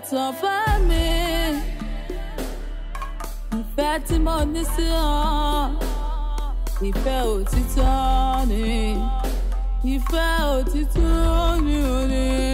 fait en famille. Ìfẹ́ tí mo ní sí ọ, ìfẹ́ òtítọ́ ni, ìfẹ́ òtítọ́ ni ò o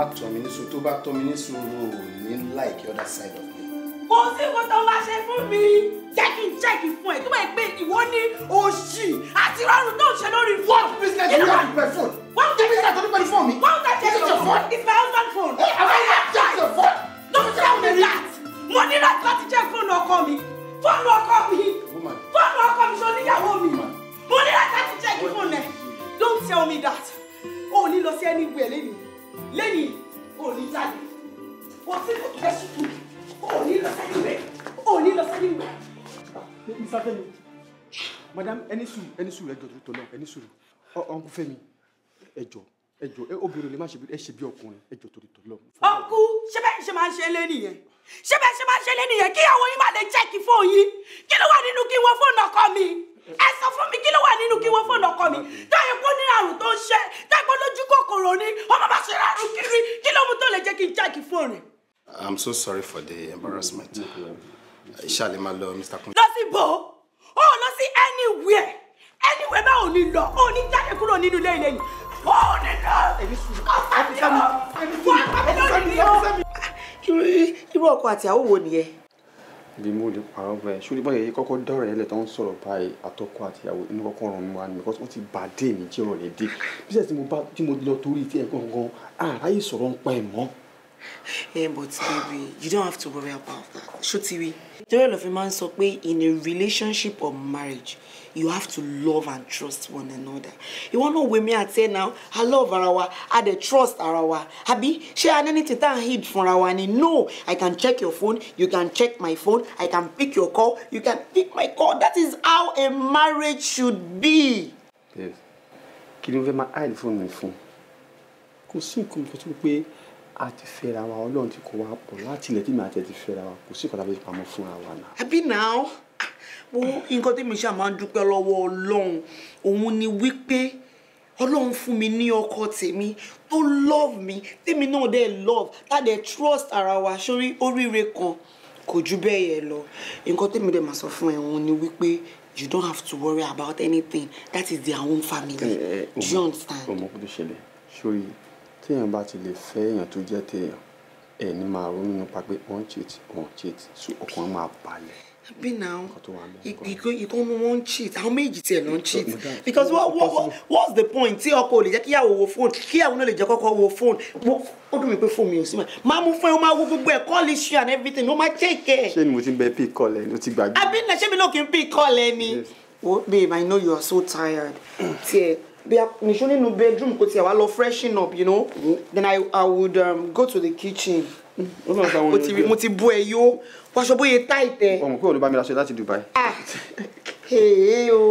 má tọ́ mi ní sùn tó bá tọ́ mi ní sùn o ní like the other side of me. kò sí nǹkan tó máa ṣe fún mi jẹ́ kí n jẹ́ kí fún ẹ tó bá gbé ìwọ ní òṣì àti rọrùn tó ń ṣe lórí. what business you have with my phone. wọ́n tẹ̀ ṣe tó for me? mi. wọ́n tẹ̀ ṣe tó pẹ̀lú it's my husband phone. ẹ àwọn ẹ̀yà jẹ́ your phone. don't tell me that. mo ní láti láti jẹ́ fóònù ọkọ mi fóònù ọkọ mi fóònù ọkọ mi ṣe oníyàwó mi mo ní láti láti jẹ́ kí fóònù ẹ̀ don't tell me that. o ò ní lọ sí anywhere lẹ́yìn lẹ́yìn òní jáde kò sí kò tẹ́ sùkú òní lọ sẹ́ni bẹ̀ òní lọ sẹ́ni bẹ̀. ìsàfẹ́mi madam ẹni sùúrù ẹni sùúrù ẹjọ tó lọ ẹni sùúrù ọ̀nkú Fẹ́mi ẹjọ ẹjọ obìnrin lè má ṣe bí ọkùnrin ẹjọ tó lọ. ọkú ṣé bẹ́ẹ̀ ṣe máa ń ṣe é lé nìyẹn ṣé bẹ́ẹ̀ ṣe máa ń ṣẹlẹ̀ nìyẹn kí àwọn yín máa lè jẹ́ kí fóònù yín kí ló wà nínú kí wọ́n fóònù ọkọ mi ẹ sọ fún mi kí ló wà nínú kí wọ́n fóònù ọkọ mi táyà kó ní àrùn tó ń ṣe táyà lójú kòkòrò ni ọmọ bá ṣe rárun kiri kí ló mú tó lè jẹ́ kí n jẹ́ kí fóònù. I'm so sorry for the embarrassment. Ṣáà lè máa lọ Mr. Kunle. Lọ sí bò ó lọ sí anywhere anywhere bá ò ní lọ ò ní jáde kúrò nínú ilé ilé yìí ò ní lọ. Èmi irú ọkọ àti àwọn wo nìyẹn. bí mo lè parọ́ bẹ́ẹ̀ ṣúlẹ̀ bọ́yẹ̀ yìí kọ́kọ́ dọ́rọ̀ ẹ̀ lẹ̀ tó ń sọ̀rọ̀ báyìí àtọkọ àti ìyàwó inú kọ́kọ́ ràn mí wá ni because wọ́n ti bà dé mi jẹ́ ọ̀rẹ́ dé bísẹ̀ tí tí mo lọ torí tí ẹ̀ gangan àráyè sọ̀rọ̀ ń pa ẹ̀ mọ́. ẹ eh, but baby you don't have to worry about that ṣó ti rí. torí ọ̀lọ́fin máa ń sọ pé in a relationship or marriage you have to love and trust one another You ìwọ náà women àti ẹ now? I love ara wa a dey trust ara wa àbí ṣé a ní anything tá à ń hid fúnra wa ni no i can check your phone you can check my phone i can pick your call you can pick my call that is how a marriage should be. Yes. ló ń fẹ́ máa hide fún mi fún kò sí nǹkan tó tún pé a ti fẹ́ra wa ọlọ́run ti kọ́ wa pọ̀ láti ilẹ̀ tí mi àti ẹ ti fẹ́ra wa kò sí nǹkan tó fẹ́ pamọ́ fúnra wa náà. Happy now? wo nǹkan tí mi ṣáà máa ń dúpẹ́ lọ́wọ́ ọlọ́run òun ni wípé ọlọ́run fún mi ní ọkọ tèmi tó love mi tèmi náà dẹ̀ love tá dẹ̀ trust ara wa sórí oríire kan kò jù bẹ́ẹ̀ yẹn lọ nǹkan tèmi dẹ̀ máa sọ fún ẹ òun ni wípé you don't have to worry about anything that is their own family do you understand. ọmọ kò tó ṣẹlẹ̀ sórí téèyàn bá ti lè fẹ́ èèyàn tó jẹ́ téèyàn ẹ̀ ní máa ronú nípa pé wọ́n cheat wọ́n cheat so ọkàn máa balẹ̀. Be now ìkànnì wọn ń cheat How many tiẹ̀ ló don't cheat because what, what, what's the point See ọkọ call lè jẹ́ we phone. Here we know the jẹ́ call wo phone. What do we pay for me? ò sí mọ́ máa mú fún ẹ call issue and everything ó máa check ẹ̀. ṣé ni mo be pick bẹ pí call ẹ ló ti gbàgbé. àbí nà ṣé mi náà kì í call ẹ ni. oh babe i know you are so tired See, tiẹ̀ bia in the bedroom kò tiẹ̀ wá lọ freshen up you know then i i would um, go to the kitchen. Mm, ó ti mo ti bú ẹ yó wọṣọ bóyá táìtẹ. ọmọ pé olú bá mi raṣọ láti Dubai. ee o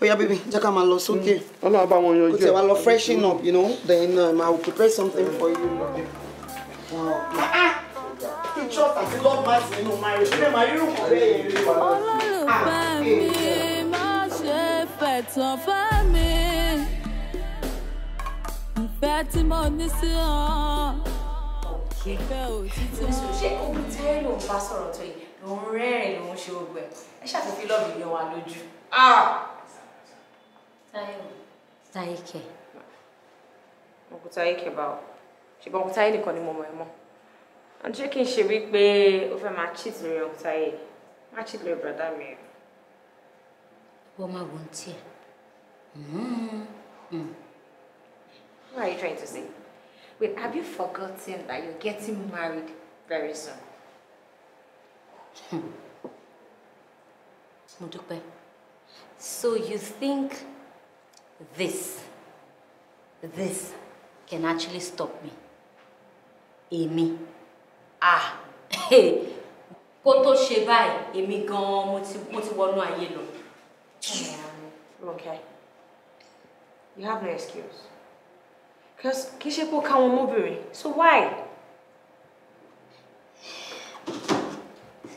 oya baby jẹ́ ká máa lọ sókè. Mm. ọlọ́run bá wọn yanjú ẹ̀. kò tẹ̀ wá lọ freshen up you know then um, I will prepare something for you. pictures àti love mat nínú marriage ṣé màá rírun kọ́ bẹ́ẹ̀ yẹn rí wa. olólùfẹ́ mi má ṣe fẹ̀tàn fẹ́ mi ìfẹ́ tí mo ní sí ọ ṣe bẹ́ẹ̀ ò títí. ṣé ogun tí ẹ lòun bá sọ̀rọ̀ tó yìí lòun rẹ́rìn lòun ṣe gbogbo ẹ̀ ẹ ṣàfihàn lọ́ọ̀bù yẹn wà lójú. Ah! táyé kẹ. òkúta yìí kẹ báwo ṣùgbọ́n òkúta yìí nìkan ni mo mọ̀ ẹ́ mọ́ ọ̀n jẹ́ kí n ṣe wípé ó fẹ́ máa cheat lórí òkúta yìí máa cheat lórí bùrọ̀dá mi. wọ́n máa wò ó ń tiẹ̀. What are you trying to say? Wait, have you forgotten that you're getting married very soon? Hmm. so you think this, this can actually stop me? Èmi. Ah, hey, kó tó ṣe báyìí, èmi gan-an mo ti um, Okay. You have no excuse. Because kì í ṣe pé ó So why?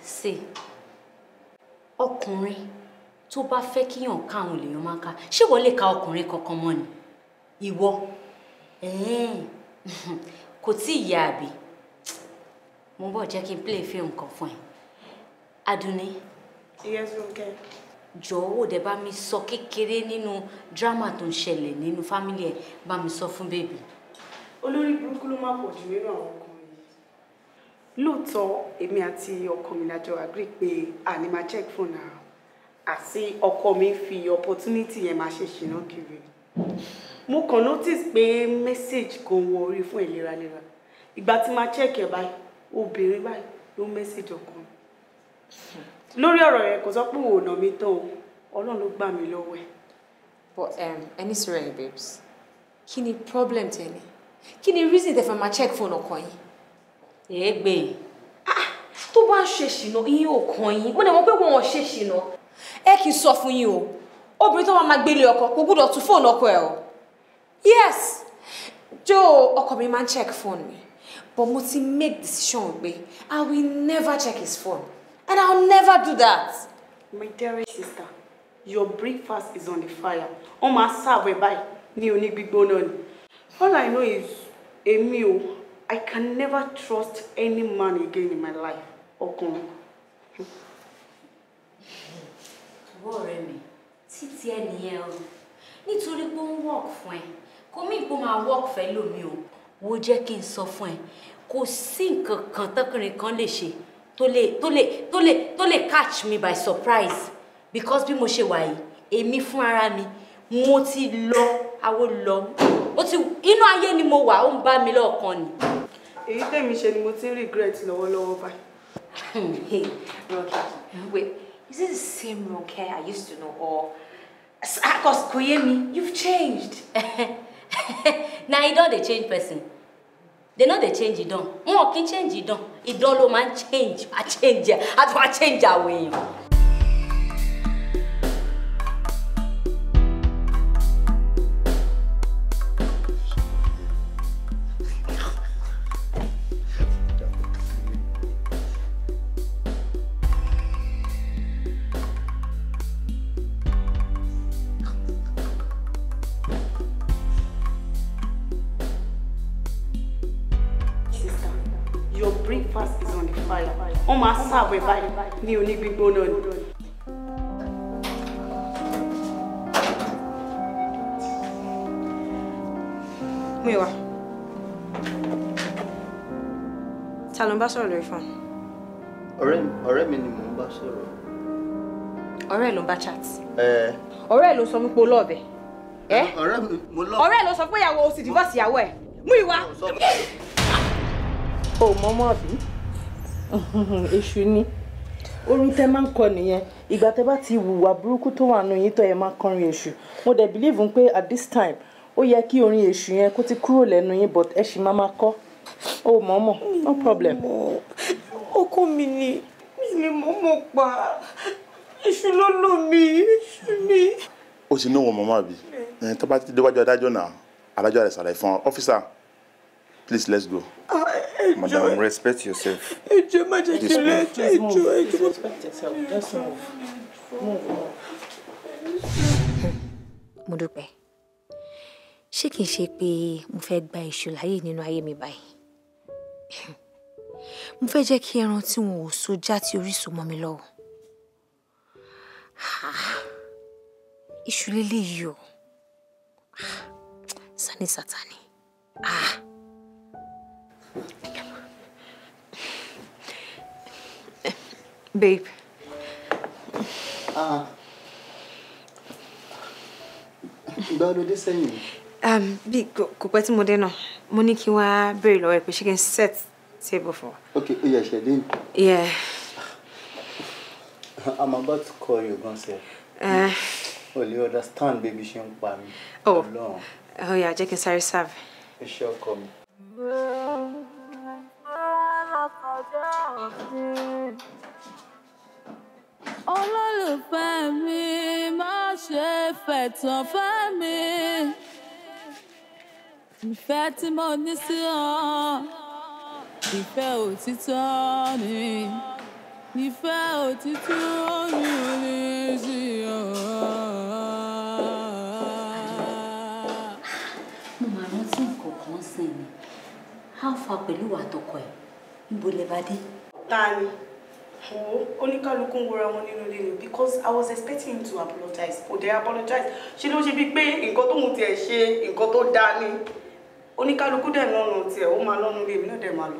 See, ọkùnrin tó bá fẹ́ kíyàn káwọn lèèyàn máa ká. Ṣé wọ́n lè ka ọkùnrin kankan mọ́ ni? Ìwọ. Kò tí ì yá play film kan fún Yes, okay jọ̀wọ́ dẹ̀ bá mi sọ kékeré nínú drama tó ń ṣẹlẹ̀ nínú fámílì ẹ̀ bá mi sọ fún bèbí. olórí burúkú ló má pọ̀ jù nínú àwọn ọkùnrin lóòótọ́ èmi àti ọkọ mi lájọ agree pé àní máa check fún náà àti ọkọ mi fi opportunity yẹn máa ṣe ṣìnà kiri mo kàn notice pé message kò wọ orí fún ìléralera ìgbà tí máa check ẹ̀ báyìí obìnrin báyìí ló message ọkùnrin lórí ọ̀rọ̀ yẹn kò sọ pé òun ò nà mí tán ọlọ́run ló gbà mí lọ́wọ́ ẹ̀. but um, sọ̀rọ̀ ẹ̀ babes kí ni problem tẹ́lẹ̀ kí ni reason tẹ́ fẹ́ máa check phone ọkọ yín. èé e. Ah, e. tó bá ń ṣe ṣìnà iye ọkàn yín mo dẹ̀ mọ̀ pé wọn ò ṣe ṣìnà. ẹ kì í sọ fún yín o obìnrin tó máa máa gbélé ọkọ kò gbúdọ̀ tún fóònù ọkọ ẹ o yes jo ọkọ mi máa ń check phone mi but mo ti make decision pé i will never check his phone And I'll never do that. My dearest sister, your breakfast is on the fire. Oh my serve by! Ni ní oní gbígbóná ni. All I know is èmi I can never trust any man again in my life. Ọkùnrin. Ọwọ́ ọ̀rẹ́ mi, títí ẹ nìyẹn o. Nítorí pé ó ń work fún ẹ, kò mí kó máa work fẹ́ lómi o. Wo jẹ́ kí n sọ fún ẹ, kò tó lè tó lè tó lè tó lè catch me by surprise because bí mo ṣe wà yìí èmi fún ara mi mo ti lọ awo lọ ó ti inú ayé ni mo wà ó ń bá mi lọ́ọ̀kan ni. èyí tèmi ṣe ni mo ti ń regret lọ́wọ́lọ́wọ́ báyìí. wait is this the same Roke I used to know or akos ah, Koyemi, yé mi you've changed. na e don dey change person dey no dey change e don wọn kì í change e don ìdán ló máa ń change wàá change ẹ àti change àwọn èèyàn. ní onígbígbóná ni. Múyìwá, ta ló ń bá sọ̀rọ̀ lórí fóònù? Ọ̀rẹ́ mi ni mò ń bá sọ̀rọ̀. Ọ̀rẹ́ ló ń bá chat. Ọ̀rẹ́ ló sọ wípé o lọ́ọ̀bẹ. Ọ̀rẹ́ mi mo lọ́ọ̀bẹ. Ọ̀rẹ́ ló sọ pé ìyàwó o sì divorce ìyàwó ẹ̀. Múyìwá. Ah! O mọ̀ mọ́ bí? Èṣù ni orin tẹ máa ń kọ nìyẹn ìgbà tẹ bá ti hùwà burúkú tó wà nù yín tó yẹ máa kọrin èṣù mo dẹ̀ believe pé at this time ó yẹ kí orin èṣù yẹn kó ti kúrò lẹ́nu yín but ẹ ṣì máa máa kọ́ ó mọ̀ọ́mọ̀ no problem. ọkọ mi ni mi ni mo mọ̀ pa èṣù ló lò mí èṣù mi. ó ti náwó màmá bí tó bá ti déwájú adájọ́ náà adájọ́ rẹ̀ sàlàyé fún ọ́fíìsà Please, let's go. Uh, Madam, respect yourself. Enjoy my Just move. Enjoy. respect yourself. Just move. Move, move. Mo dúpẹ́. Ṣé kìí ṣe pé mo fẹ́ gba èṣù láyè nínú ayé mi báyìí? Mo fẹ́ jẹ́ kí ẹran tí wọn ò so já tí orísun mọ́ mi lọ́wọ́. Iṣu lélẹ́yìí o. Sani Sátani. Ah! Babe. Ah. Ìgbà wo dé sẹ́yìn? Um, bí kò pẹ́ tí mo dé náà, mo ní kí wọ́n á béèrè lọ́wọ́ ẹ̀ pé ṣé kí n set table for. Ok, o yẹ ṣẹ̀ déyìn. Yeah. I'm about to call you gan sef. Eh. O oh, lè understand baby ṣe ń pa mi. Oh. oh, yeah. jẹ́ kí n sáré serve. Iṣẹ́ ọkọ mi òfin. olólùfẹ́ mi má ṣe fẹ̀tàn fẹ́ mi ìfẹ́ tí mo ní sí ọ ìfẹ́ òtítọ́ ni ìfẹ́ òtítọ́ ni ò ní sí ọ. mo máa rántí nǹkan kan sí ni how far pẹ̀lú àtọkọ ẹ̀ níbo lè bá dé ta ni wo oníkálukú ń wọra wọn nínú ilé because i was expecting him to apologize kò dé apologize ṣe ló ṣe bíi pé nǹkan tóun tiẹ̀ ṣe nǹkan tó dáa ni oníkálukú dẹ̀ lọ́nà tiẹ̀ ó máa lọ́nu ilé mi náà dẹ̀ máa lọ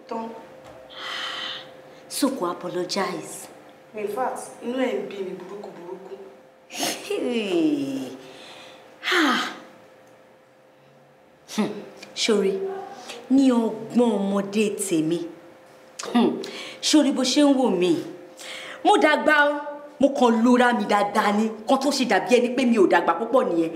ó tán. so kò apologize. in fact inú ẹ̀ ń bí mi burúkú burúkú. Hmm. ṣorí ní ọgbọ́n ọmọdé tèmi. Hmm. sórí bó ṣe ń wò mí mo dàgbà o mo kàn lora mi dáadáa ni kan tó ṣe dàbí ẹni pé mi ò dàgbà púpọ̀ nìyẹn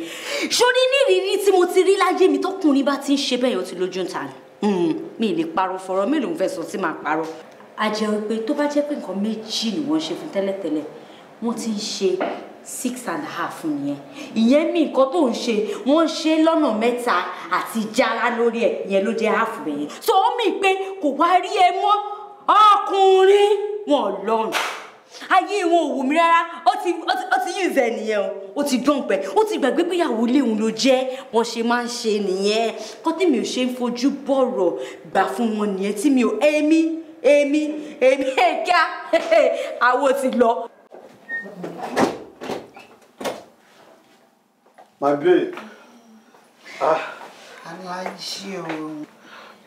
sórí ní ìrírí tí mo ti rí láyé mi tọkùnrin bá ti ń ṣe bẹ́ẹ̀ yẹn ti lójú ń ta ni hmm. mi ì lè parọ́ fọ̀rọ̀ mi lòún fẹ́ sọ tí màá parọ́ a jẹ́ pé tó bá jẹ́ pé nǹkan méjì ni wọ́n ṣe fún tẹ́lẹ̀tẹ́lẹ̀ wọ́n ti ń ṣe six and a half nìyẹn ìyẹn mi nǹkan tó ń ṣe wọ́n ṣe lọ́nà mẹ́ta àti jára lórí ẹ̀ yẹn ló jẹ́ half bẹ̀yẹn so ó mì pé kò wá rí ẹ mọ́ ọkùnrin wọn lọ́rùn ayé wọn ò wù mí rárá ó ti ó ti yí ìfẹ́ nìyẹn o ó ti dán pẹ́ ó ti gbàgbé pé ìyàwó ilé òun ló jẹ́ wọ́n ṣe máa ń ṣe nìyẹn kọ́tí mi ò ṣe ń fojú bọ̀rọ̀ gbà fún wọn nìyẹn tí mi ò èmi èmi èmi ẹ̀ka àwo ti lọ my babe. Ah. aláìṣe o.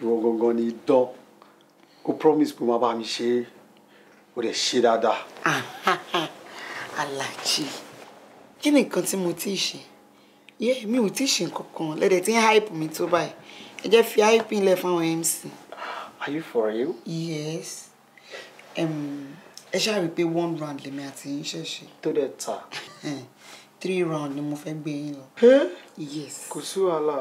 you. gangan ni idán go need pé máa bá mi ṣe é she dẹ̀ ṣe dáadáa. alájí kí ni nǹkan tí mo You ṣe yẹ mi ò tí ì ṣe nǹkan kan lẹ́dẹ̀ẹ́ tí ń hype me to buy. ẹ just feel hype in ilẹ̀ fáwọn mc. are you for real? yes Um. I rí i one round lèmi me yín ṣẹ̀ṣẹ̀. tó dẹ̀ ta. three round ni mo fẹ́ gbé yín lọ. yes. kò sí wàhálà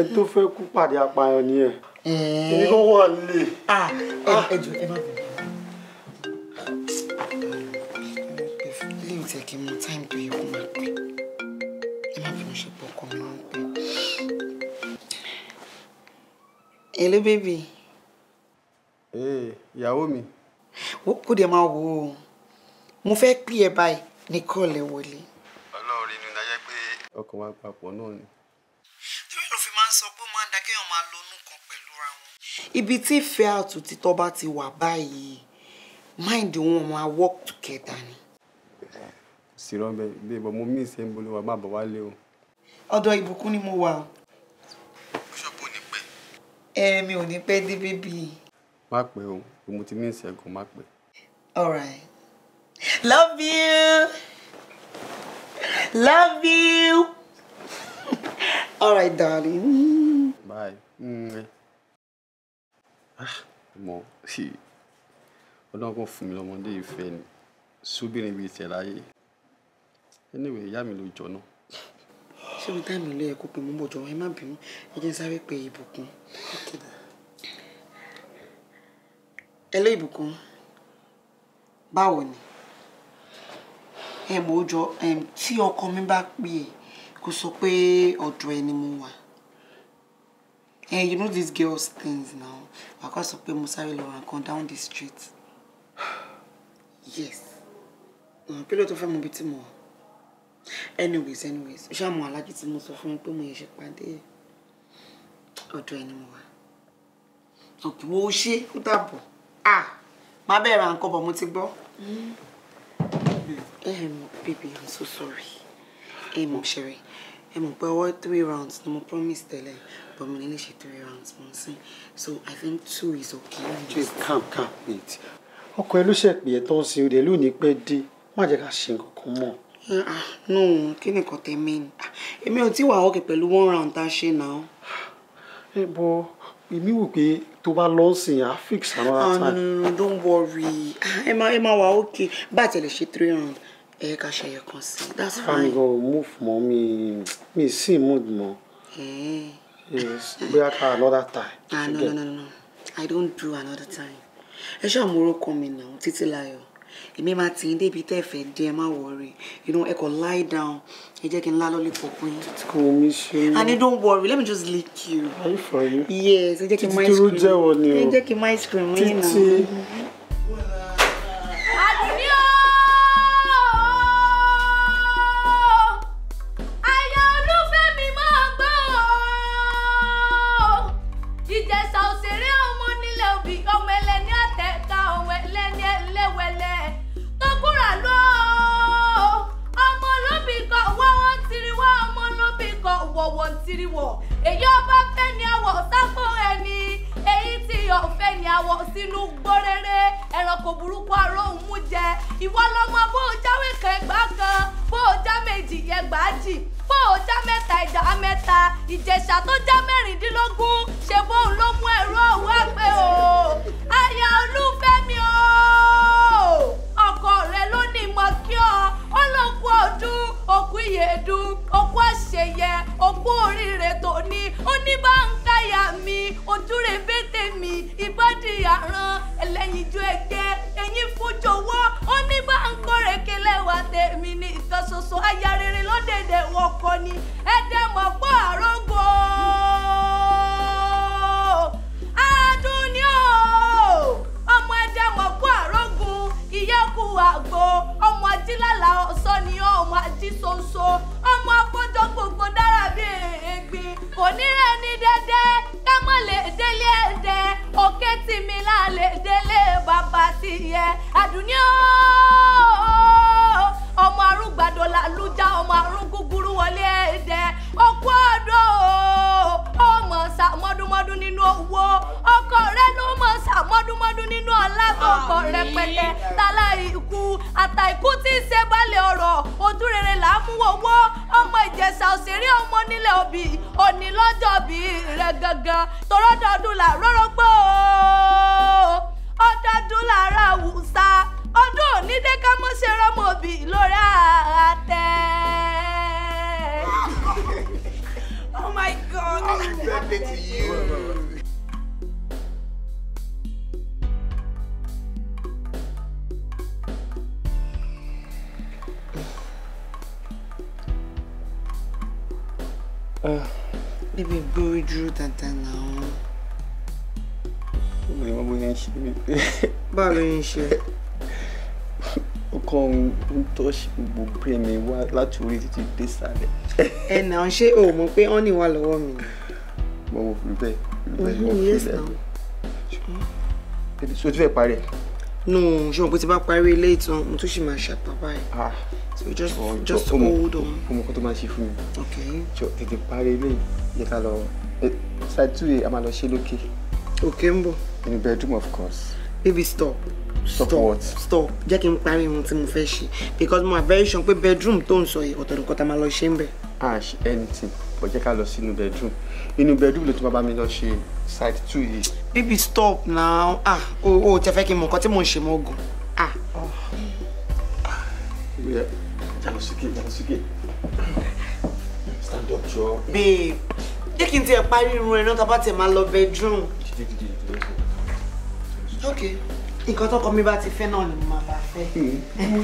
ẹ tó fẹ́ kú pàdé apààyàn ni ẹ. èmi kò wà lè. Ah. ẹ jọ ẹ má bọ̀. lẹ́yìn tí ẹ kì í mọ táìmù tó yẹ kó máa pẹ́ ẹ má bínú ṣe pọ̀ ọkọ mi ló ń pẹ́. hello baby. ee ìyàwó mi. ó kó dé máa wò ó mo fẹ́ pè ẹ báyìí ní kọ́ọ̀lẹ́ wọlé ọkàn wa papọ̀ náà ni. torí ló fi máa ń sọ pé máa ń da kéèyàn máa lonú kan pẹ̀lú ra wọn. ibi tí ìfẹ́ àtúntítọ́ bá ti wà báyìí mind wọn máa work together ni. sírọ bẹ bẹẹ bọ mo mí ìṣe ń bolówó má bọ wálé o. ọ̀dọ̀ ìbùkún ni mo wà o. ṣọ́pù ò ní pẹ́. ẹ̀ẹ̀mí ò ní pẹ́ dé bébí. má pẹ́ o mo ti mí ìṣẹ́gun má pẹ́. all right love you. Love you. All right, darling. Bye. Ah, Mo si ọlọ́gbọ́n fún mi lọ́mọdé ìfẹ́ ni sóbìnrin bíi tẹ̀ láyé. Anyway, ìyá mi ló jọ náà. Ṣé mo táìmù ilé ẹ̀kọ́ pé mo ń bọ̀ jọ ẹ má bínú ẹ jẹ́ sáré pé ìbùkún ẹ mọ̀ ó jọ tí ọkọ mi bá pè é kó sọ pé ọ̀dọ̀ ẹ mo wà. you know these girls things now wà kó sọ pé mo sáré lọ ra nǹkan down the street. yes kí ló tó fẹ́ mọ ibi tí mo wà anyways anyways ó ṣàmù alájí tí mo sọ fún mi pé mo yẹ ṣe pàdé ọ̀dọ̀ ẹ ni mo wà. òkè wo ṣe ó dàbọ̀ ah má bẹ́ẹ̀ ra nǹkan bọ̀ mo ti gbọ́. Mm. Um, baby, I'm so sorry. Hey, Mom Sherry. Hey, Mom, but what three rounds? No, promise, tell her. But we only three rounds, Mom. So I think two is okay. Just calm, calm, wait. Okay, ẹ ló ṣe pè é tó ń sin ọdẹ lónìí pẹ́ dé come on. ká ṣe nǹkan kan mọ́. mean, eh, ah, kí nìkan tẹ̀mí ni ah, èmi ò tí wà one round That's a now. Hey, eh, ẹ èmi wò pé tó bá lọ sìn á fix another oh, time. ah no no no don't worry ẹ máa ẹ máa wà ókè bá a tẹ̀lé ṣe three round ẹ ká ṣẹyẹ kan sí i that's fine. fami gan move mọ mi mi sí mood mọ. Eh. yes bóyá ká another time. ah no no no no i don't do another time ẹ ṣáà mo rọ́ọ̀kan mi náà títí láyọ̀ èmi máa tì í débi tẹ́ ẹ fẹ́ dé ẹ you know ẹ kò lie down ẹ jẹ́ kí n lá lọ́lẹ̀ pọ̀pọ̀ yín. kò ní ṣe é. don't worry let me just lick you. are you for you. yes ẹ jẹ́ kí n ice cream ẹ jẹ́ kí n máa ice cream yín náà. títí wọ̀wọ̀ tìrì wọ̀ èyí ọba fẹ́ ni àwọ̀ sápò ẹni èyí tí ọ̀fẹ́ ni àwọ̀ sínú gbóréré ẹranko burúkú aró ń mú jẹ ìwọ lọmọ bó o jáwé kan ẹgbàá kan bó o já méjì yẹ gbàá jì bó o já mẹ́ta ìjà mẹ́ta ìjẹ̀ṣà tó já mẹ́rìndínlógún ṣe bóun ló mú ẹ̀rọ òwú àpè o aya olúfẹ́mi o ọkọ rẹ ló ní mọ́ kí ọ. ọlọ́kú ọdún òkú ìyèdún òkú àṣeyẹ òkú oríire tòní oníbàǹkáyà mi ojúre bètè mi ìbádìyàrán ẹlẹ́yinjú ẹgbẹ́ ẹ̀yìn fújọwọ́ oníbàǹkọ̀rẹ̀kẹlẹ̀ wà tèmi ní ìkan ṣoṣo ayarere lọ́dẹ̀dẹ̀ wọ̀kọ ni ẹ̀dẹ̀ mọ̀ pọ̀ ìyẹ́kù àgbo ọmọ ajílàlà ọ̀sọ́ ni ó ọmọ ajísoso ọmọ afọ́jọ́ gbogbo dára bíi ègbìn kò ní rẹ̀ dẹ́dẹ́ ká má àìkú tí ń ṣe gbálẹ̀ ọ̀rọ̀ ojú là ń mú owó ọmọ ìjẹ̀ṣà òṣèré ọmọ nílẹ̀ òbí òní lọ́jọ́ bí rẹ̀ gangan tọ́rọ́dọọdún là rọ́rọ́gbó ọdọọdún làárọ̀ àwùsá ọdún òní dé ká mọ́ ṣe rọ́mọ òbí lórí àtẹ. Oh my God. I've been to you. tọ́ọ̀ṣì gbogbo brain wá láti orí títí dé sàlẹ̀. ẹ nà ń ṣe o mọ̀ pé ọ́nì wà lọ́wọ́ mi. mo wò fi bẹ́ẹ̀ bẹ́ẹ̀ mo fi mhm, bẹ́ẹ̀ so ti parí ẹ̀. no ṣùgbọ́n pé tí bá parí ilé ìtàn mo tún ṣì máa ṣàpápá ẹ̀. Ah. so just just hold on. ọmọ kan tó máa ṣe fún mi. ok jọ tètè parí ilé yẹ ká lọ ṣáà tún yẹ a máa lọ ṣe lókè. ok ń bọ̀. in bedroom of course. baby stop stop stop jẹ́ kí n parí ohun tí mo fẹ́ ṣe because mo wà very sure pé bedroom tó ń sọ yìí ọ̀tọ̀ nǹkan tá a máa lọ ṣe ń bẹ̀. a ṣe anything but jẹ́ ká lọ sínú bedroom inú bedroom ló tún bàbá mi lọ ṣe side two yìí. baby stop now ah o o tẹ fẹ́ kí n mọ nǹkan tí mò ń ṣe mọ́ ogun ah. jalo sókè jalo sókè stand up jọ. babe jẹ́ kí n tiẹ̀ parí irun ẹ̀ náà tá a bá tiẹ̀ máa lọ bedroom. okay nǹkan tọkọ mi bá ti fẹ́ náà ni mo máa bá fẹ́. bẹ́ẹ̀kì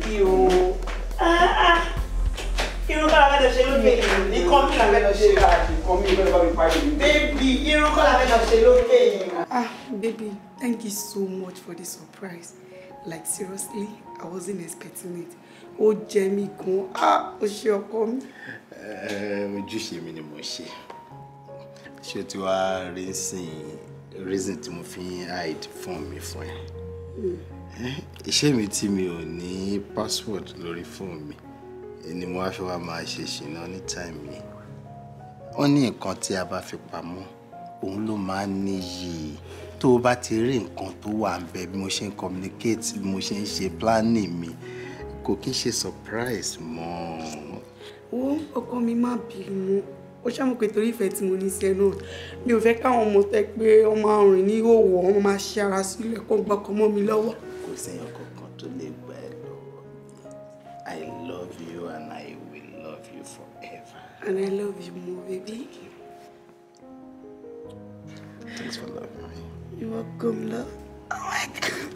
hmm. o irun kọ́lá fẹ́ lọ ṣe lókè yìí ní kọ́mí la fẹ́ lọ ṣe bébì irun kọ́lá fẹ́ lọ ṣe lókè yìí. ah baby thank you so much for the surprise like seriously i wasn't expecting it ó jẹ mí gan ah ó ṣe ọkọ mi. Eh, ojúṣe mi ni mo ṣe ṣé tí wàá rí sìn reason tí mo fi ń hide fún mi fún ẹ hmm. eh, iṣẹ́ mi tí mi ò ní password lórí fóònù mi ni mo wá fi wá máa ṣe ṣìnà ní time yìí wọ́n ní nǹkan tí a bá fi pamọ́ òun ló máa ń níyì tó o bá ti rí nǹkan tó wà ń bẹ bí mo ṣe ń communicate bí mo ṣe ń ṣe planning mi kò kí ń ṣe surprise mọ́. ó ọkọ mi má bínú ó ṣàmọ̀ pé torí ìfẹ́ tí mo ní sí ẹ náà mi ò fẹ́ káwọn ọmọ tẹ pé ọmọ àrùn ní òwò wọn máa ṣe ara sílẹ̀ kó gbọ́kàn mọ́ mi lọ́wọ́. kò sẹ́yìn kankan tó lè gbà ẹ́ lọ́wọ́ I love you and I will love you forever. And I love you more baby. Thanks for loving me. You're welcome love. Oh my God.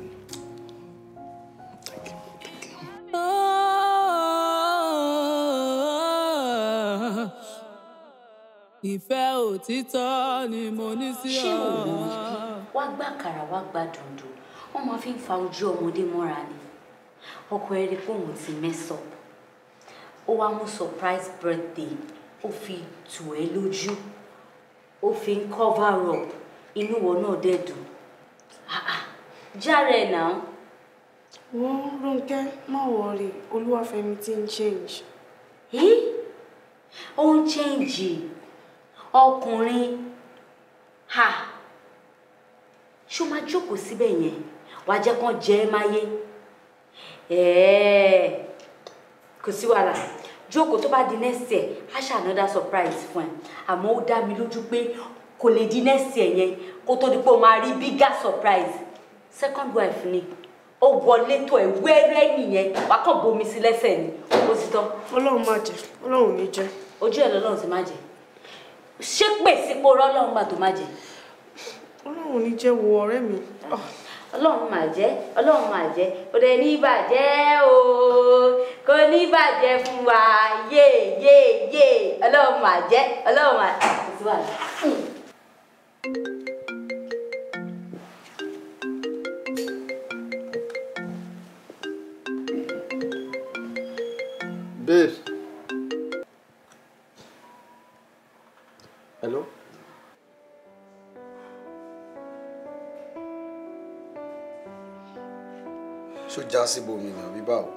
Thank you. Thank you. Oh. ìfẹ́ òtítọ́ ni mo ní sí ọ. ṣé òun wá gbà kàrà wá gba dòǹdò wọn máa fi ń fa ojú ọmọdé mọ́ra ni ọkọ ẹ rí pé òun ti mess up ó wá mú surprise birthday ó fi tù ẹ́ lójú ó fi ń cover up inú wọn náà dẹ̀ dùn járe náà. wọ́n Rónkẹ́ má wọrí Olúwàfẹ́mi ti ń change. ó ń change ọkùnrin ha ṣó máa jókòó síbẹ̀ yẹn wàá jẹ́ kán jẹ́ ẹ́ máyé kò sí wàhálà jókòó tó bá di next year á ṣe another surprise fún ẹ àmọ́ ó dá mi lójú pé kò lè di next year yẹn kó tó di pé o máa rí bigger surprise second wife ni ó wọlé tó ẹ wẹ́rẹ́ nìyẹn wàá kàn bomi sí lẹ́sẹ̀ ni ó ti tán. ọlọ́run má jẹ́ ọlọ́run ò ní jẹ́. ojú ẹ̀ lọ́lọ́run ti má jẹ́ ṣé pèsè po rọ́lọ́run gbà tó má jẹ. ọlọ́run ní jẹ́ wo ọ̀rẹ́ mi. Ah. ọlọ́run mà jẹ́ ọlọ́run mà jẹ́ kò dẹ̀ ní bàjẹ́ o kò ní bàjẹ́ fún wa yé yé yé ọlọ́run mà jẹ́ ọlọ́run mà jẹ́. Babe. basi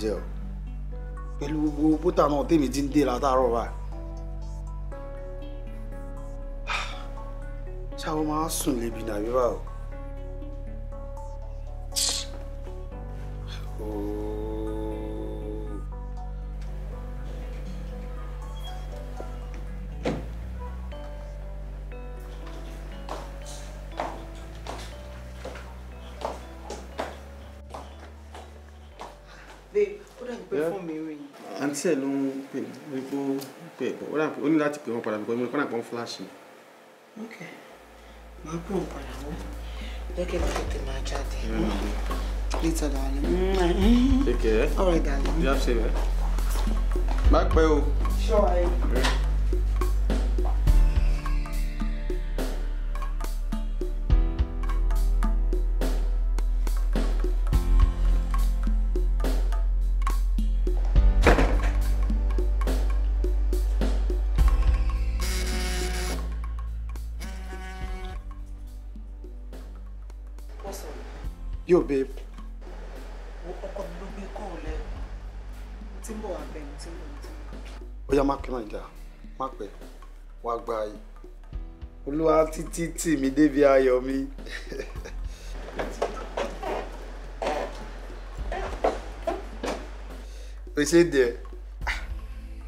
jẹ́ o pẹ̀lú gbogbo bóta náà tèmi ti ń dé látàárọ̀ báyìí. ṣáà wọ́n máa sùn lébi nàbí báyìí. àdìsẹ́ ló ń pè ní kó pè bọ̀ ó dà pé ó ní láti pè wọ́n padà bíkọ́ ìmọ̀ ìpọ́n fúláṣì. ok màá pè wọ́n padà wọ́n lẹ́kẹ̀ẹ́ bá tètè máa jáde. later darling. take care. all darling. bí a ṣe rẹ̀. má pẹ́ o. sure. títì mi débi ayọ̀ mi. o ṣe díẹ̀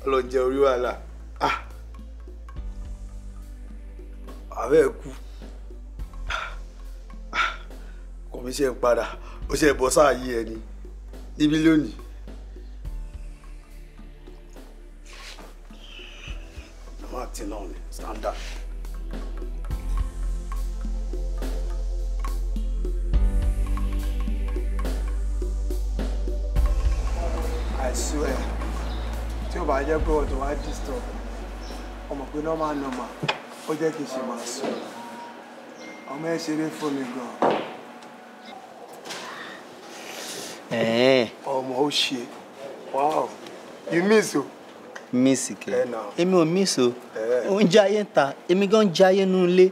ọlọ́njẹ ah, orí wàhálà ah, àbẹ́ kú ah, kọ̀mí ṣe ń padà ó ṣe bọ́ sáàyè ẹni níbí lónìí. Martin on standard. I swear tí o bá jẹ́ pé ọ̀dọ̀ wa disturb ọmọ pé normal normal ó jẹ́ kí n ṣe máa sùn ọmọ ẹ ṣeré fún mi gan. ọmọ ó ṣe wow you miss o. miss kẹ èmi ò miss o oúnjẹ ayé ń ta èmi gan ń jẹ ayé nínú ilé.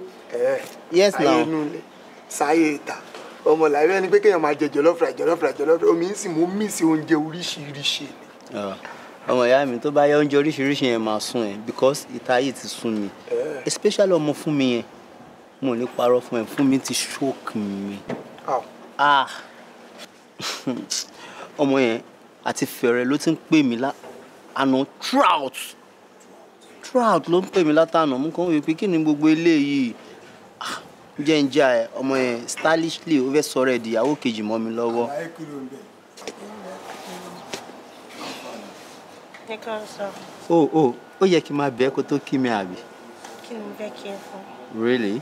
yes now. ayé nínú ilé sáyé ìta ọmọ làárọ ẹni pé kéèyàn máa jẹ jọlọfra jọlọfra jọlọfra omi ń sì mú mísì oúnjẹ oríṣiríṣi ni. ọmọ ìyá mi tó bá yẹ oúnjẹ oríṣiríṣi yẹn máa sún ẹ because ìta yìí ti sún mi eh. especially ọmọ fún mi yẹn mo ní parọ́ fún ẹ fún mi ti shock mi ah. ọmọ yẹn àti fẹ̀rẹ̀ ló ti ń pè mí lá àná trout trout ló ń pè mí látànà mo kàn wí kí ni gbogbo eléyìí jẹ́ ń já ẹ ọmọ yẹn stylishly ó fẹ́ sọ̀rọ̀ ẹ̀ dìyàwó kejì mọ́ mi lọ́wọ́. o o ó yẹ kí n máa bẹ́ẹ̀ kó tó kí mi àbí. kí ni mo kí ẹ fún. really.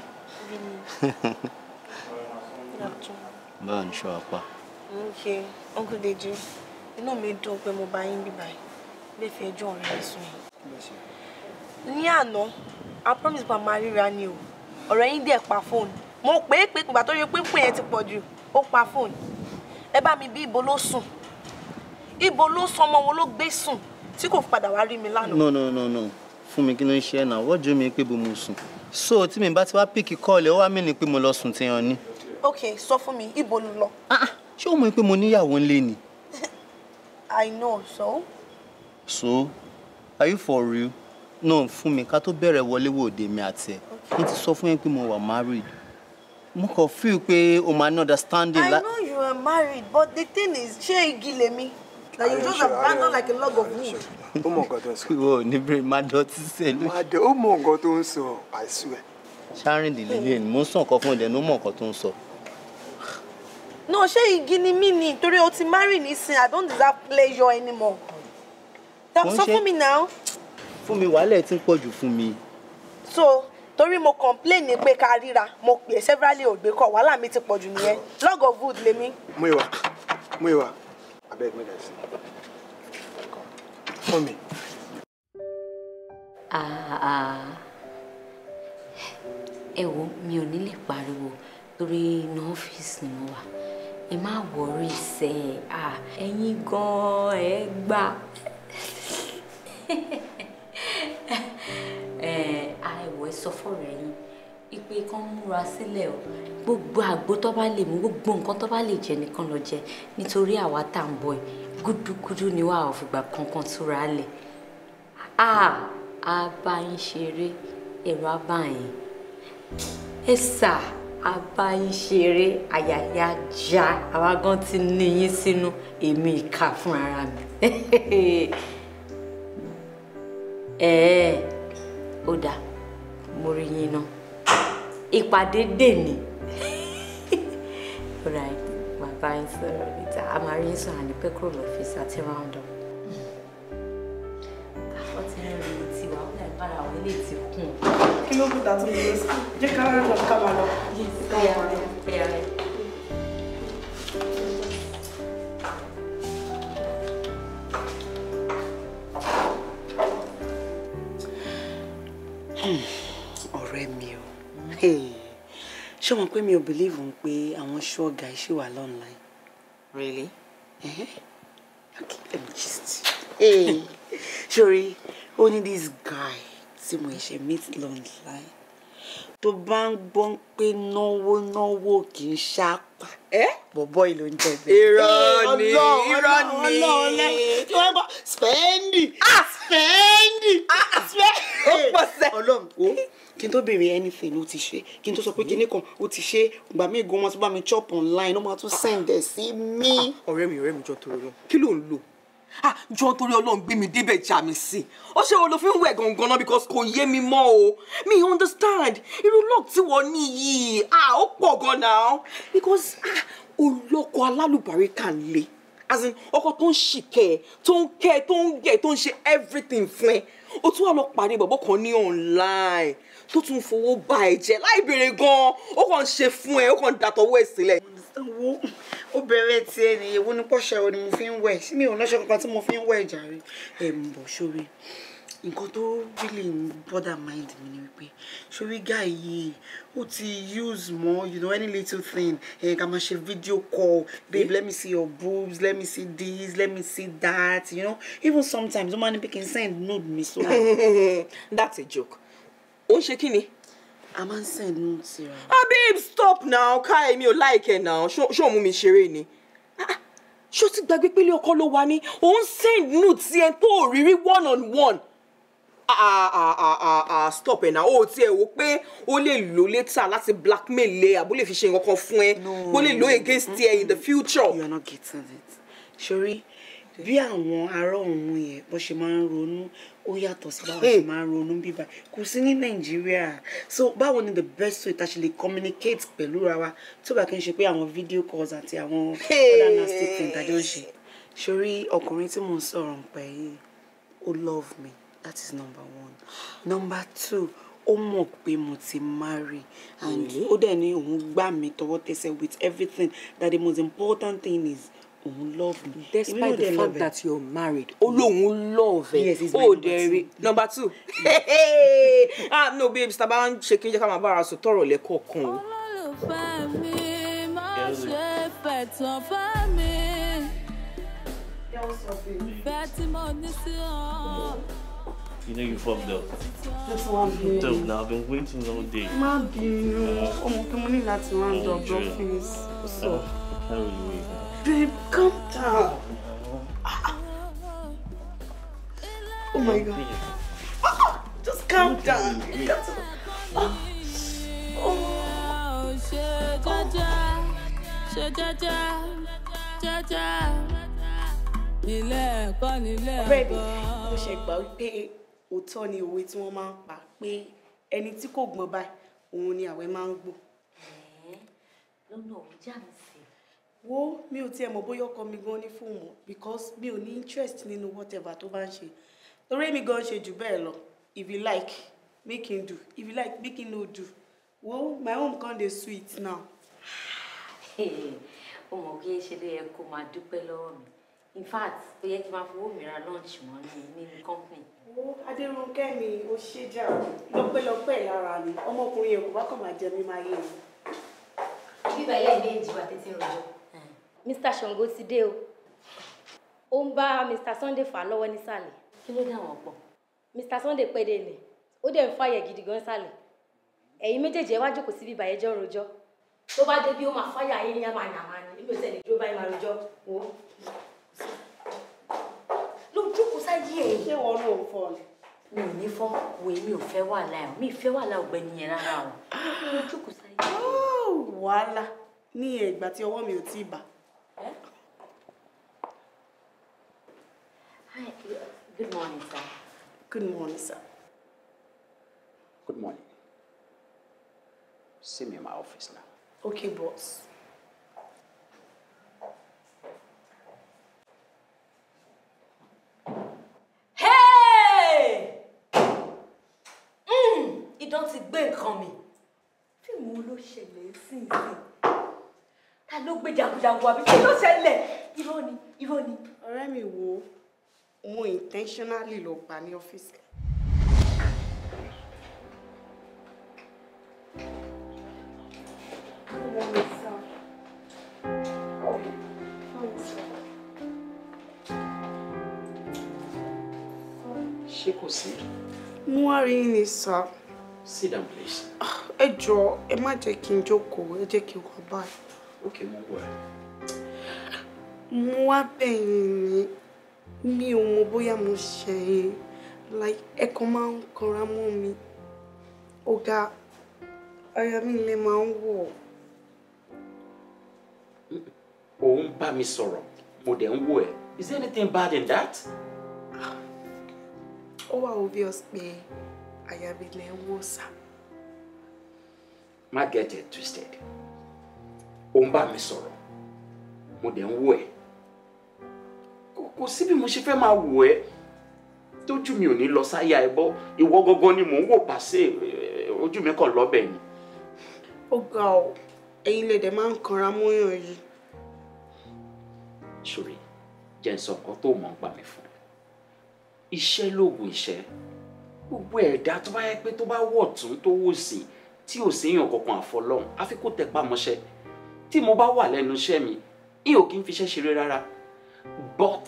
báwo ni ṣọ́ apá. ṣe uncle deji inú mi dùn pé mo bá yín bíbáyìí lè fi ẹjọ́ rẹ̀ sùn yìí. ní àná i promise pa máa ríra ni o ọ̀rẹ́ yín dẹ̀ pa fóònù mo pè é pé ìgbà tó yẹ pínpín yẹn ti pọ̀ jù ó pa fóònù ẹ bá mi bí ibo ló sùn ibo ló sọ ọmọ wọn ló gbé sùn tí kò padà wá rí mi lánàá. no no no no fún mi kí ló ń ṣe ẹ̀ náà wọ́n mi pé bo mo sùn so tí mi bá ti wá píkì kọ́ọ̀lì ó wá mí ni pé mo lọ sùn ti hàn ni. ok sọ fún mi ibo ló lọ. Ah, ah. ṣé o mọ̀ pé mo níyàwó ńlé ni. i know so. so are you for real? no fún mi ká tó bẹ̀rẹ̀ wọléwọ̀de mi àti ẹ̀ mo ti sọ fún yín pé mo wà married mo kàn feel pé o máa ní understanding. I know you are married but the thing is ṣé igi lèmi that you just abandon like a log of wood. ó mọ nǹkan tó ń sọ. ìwọ níbi máa dọ̀tí sẹ́lú. máa dẹ ó mọ nǹkan tó ń sọ I swear. sharing the lily ni mo ń sọ nǹkan fún ẹ̀dẹ̀ mọ nǹkan tó ń sọ. no ṣé igi ni mí ni torí o ti marry nísìn I don't deserve pleasure anymore. sọ fún mi now. fún mi wàhálà ẹ ti ń pọ̀ jù fún mi. so torí mo complain ni pé ká ríra mo pè é severally ò gbé kọ wàhálà mi ti pọ̀ jù nìyẹn log of good lèmi. Múyìwá Múyìwá abeg make I see for me. Ah, ah. ẹ wo mi ò ní lè pariwo torí inú ọ́fíìsì ni mo wà ẹ má wọrí sẹ ah, ẹ̀yin gan-an ẹ gbà. sọ fọ́rọ̀ ẹ̀yìn ìpè kan múra sílẹ̀ o gbogbo àgbo tó bá lè mú gbogbo nǹkan tó bá lè jẹ nìkan lọ jẹ nítorí àwa tá à ń bọ̀ gúdúgúdú ni wàá òfìgbà kankan túra lẹ̀ a a ẹ̀rọ abáyín ẹ sà àyàyà já àwa gan ti ní yín sínú èmi ìka fún ara mi ẹ̀ẹ́ ó dáa mo rí yín náà ìpàdé dè ní alright bàbá yín sọ̀rọ̀ níta a máa rí yín sọ̀rọ̀ ní pẹ́kúrò lọ́fíìsì àti round up. ọtí rẹ̀ rèé tí wàá wọlé bára àwọn ilé tí ó kùn. kí ló kù dàtú mi lọ sí jẹ́ ká rẹ̀ lọ ká máa lọ. Hmm ṣé wọn pé mi ò believe ń pé àwọn ṣúọ guy ṣì wà online. really. Uh-huh. okay let me gist. sorry ó ní this guy tí mo ṣe meet online tó bá ń gbọ́ pé náwó náwó kì í ṣàpà bọ̀bọ̀ ìlò ń jẹ̀bẹ̀. irọ́ ni irọ́ ni kí wọ́n gbọ́ spẹ́ndì ah! spẹ́ndì ah! spẹ́ndì. ó pọ̀ sẹ́. ọlọ́run kò kí n tó béèrè anything ló ti ṣe kí n tó sọ pé kinní kan ó ti ṣe gbà mí gan wọn tó bá mi chop online ó máa tún send ẹ sí mi. Ah, ọ̀rẹ́ mi ọ̀rẹ́ mi jọ torí Ọlọ́run kí ló ń lò. ah jọ torí Ọlọ́run gbé mi débẹ̀ já mi sí i ó ṣe wo ló fi ń wẹ̀ gangan náà because kò yé mi mọ́ o mi understand irú luck tí wọ́n ní yìí ah ó pọ̀ gan because ah olóko alálùbáríkà le as in ọkọ tó ń ṣìkẹ́ tó ń kẹ́ tó ń gẹ̀ tó ń ṣe everything fún ẹ o tún wà lọ pàdé bọ̀bọ̀ kan ní online tó tún fowó bá ẹ jẹ láì béèrè gan-an ó kàn ń ṣe fún ẹ ó kàn ń dàtọ̀wọ́ ẹ sílẹ̀. wo ó bẹ̀rẹ̀ tiẹ̀ nìyẹn wo ni pọ́ṣẹ́ o ni mo fi ń wẹ̀ sí mi ò lọ́ṣọ́ kankan tí mo fi ń wẹ̀ jàre ẹ̀ ń bọ̀ sórí nǹkan tó really ń bother mind mi ni wípé ṣorí guy yìí ó ti use more you know any little thing ẹ ká máa ṣe video call babe let me see your boobs let me see this let me see that you know even sometimes ó máa ní pé send nude mi so. that's a joke ó ń ṣe kí ni. a máa ń send nude sí ra. ah babe stop now ká èmi ò láìkẹ́ now ṣó mú mi ṣeré ni ah, ah. ṣó ti gbàgbé pé ilé ọkọ ló wà ní òun send nude sí ẹ tó rírí one on one. Ah, ah, ah, stop ẹ̀ náà ó tiẹ̀ wò pé ó lè lò later láti blackmail ẹ àbó lè fi ṣe nǹkan kan fún ẹ bó lè lò against ẹ in the future. you are not getting it sori bí àwọn ará òun yẹn bó ṣe máa ń ronú ó yàtọ̀ sí báwo ṣe máa ń ronú bíbá kò sí ní nàìjíríà so báwo ni the best way ta ṣe lè communicate pẹ̀lú ra wa tó bá kí n ṣe pé àwọn video calls àti àwọn other nasty things tàjọ ń ṣe sori ọkùnrin tí mò ń sọ̀rọ̀ ń pẹ̀ yìí ó love me that is number one number two ó mọ̀ pé mo ti marry and ó dẹ̀ ní òun gbà mí tọwọ́ tẹsẹ̀ with everything that the most important thing is òun love me. despite the fact that you're married ó lóun love ẹ ó dẹ̀ rí number two ah no babes. Taba ń ṣe kí n jẹ́ ká máa bára sọ tọrọ lẹ́kọ̀ọ̀kan o. olólùfẹ́ mi máa ṣe fẹ̀tàn fẹ́ mi fẹ́ tí mo ní sí ọ. You know you fucked up. Just one day. Fucked now. I've been waiting all day. My bínú. Uh, oh my mo let's láti round up your face. So. How are you waiting? Babe, calm down. Oh my god. Oh, just calm down. That's, ah. oh. Oh. Oh. Baby, mo ṣe gbà wípé òótọ́ ni òwe tí wọ́n máa ń pa pé ẹni tí kò gbọ́n báyìí òun ni àwẹ̀ máa ń gbò. lọ́nà òun já mi sí. wo mi ò tiẹ̀ mọ̀ bóyá ọkọ mi gan ní fóònù because mi ò ní interest nínú whatever tó bá ń ṣe torí mi gan ṣe jù bẹ́ẹ̀ lọ if you like make him do if you like make him no do wo my home come dey sweet now. o mọ̀ kí n ṣe lè yẹ kó máa dúpẹ́ lọ́wọ́ mi in fact tó yẹ kí n máa fowó mi ra lunch mọ́ ní ní company. ó adérúnkẹ́ mi ó ṣe jà lọ́pẹ́lọpẹ́ lára mi ọmọkùnrin yẹn kò bá kàn máa jẹ mí máa yé mi. bíbá ilé ìgbé ìjìwà tètè rọjò. Mr. Ṣàngó ti dé o ó ń bá Mr. Sunday fà lọ́wọ́ nísàlẹ̀. kí ló dé àwọn pọ̀. Mr. Sunday pẹ́ dé ni ó dẹ̀ ń fàyẹ̀ gidi gan sálẹ̀ ẹ̀yin méjèèjì ẹ wá jókòó síbi ìbàyẹ̀jọ́ rojọ́ tó bá dé bí ó máa fàyà yín ní àmàyàmá ni níbi ó tẹ̀lé dúró báyìí máa rojọ́ wò ó ṣé wọn náà fọ ni. mi ò ní fọ́ wo èmi ò fẹ́ wàhálà ẹ̀ mi ì fẹ́ wàhálà ọ̀gbẹ́ni yẹn rárá o mo jókòó oh, wàhálà ní ìgbà tí ọwọ́ mi ò tí ì bà. Good morning, sir. Good morning, sir. Good morning. See me in my office now. Okay, boss. idán ti gbé nǹkan mi fíìmù olóṣèlè sí ìsìn ta ló gbé jagunjagun àbí kí ló ṣẹlẹ̀ irọ́ ni irọ́ ni. ọ̀rẹ́ mi wo òun intentionally ló pa ní ọ́fíìsì. ṣé kò sí. mo wá rí ni sọ. Sit down, please. Ah, ẹ jọ̀ọ́, ẹ má taking kí n jókòó, ẹ jẹ́ Okay, mo wà. Mo wá Me, ni, mi ò mọ Like, ẹ kàn máa ń kanra mọ́ mi. Ọ̀gá, aya mi lè máa Oh, wọ̀. Ò ń bá mi sọ̀rọ̀, mo dẹ̀ ń Is there anything bad in that? Oh, obvious pé. I mi lè ń wò sá. get it twisted ó ń bá mi sọ̀rọ̀ mo dẹ̀ ń wò ẹ́ kò sí bí mo ṣe fẹ́ máa wò ẹ́ tójú mi ò ní lọ sáyà ẹ bọ́ ìwọ gangan ni mò ń wò pàṣẹ eh, ojú mi kàn lọ́bẹ̀ ni. ó ga ọ ẹ̀yin lè dẹ máa ń kanra mọyàn yìí. sori jẹ́ n sọ nǹkan tó mọ̀ ń gbà mí fún ẹ gbogbo ẹ̀dá tó bá yẹ pé tó bá wọ̀ tún tó wò sí tí ò séèyàn kankan àfọlọ́hún àfi kó tẹpá mọ́ṣẹ́ tí mo bá wà lẹ́nu iṣẹ́ mi ihò kí n fi iṣẹ́ ṣeré rárá but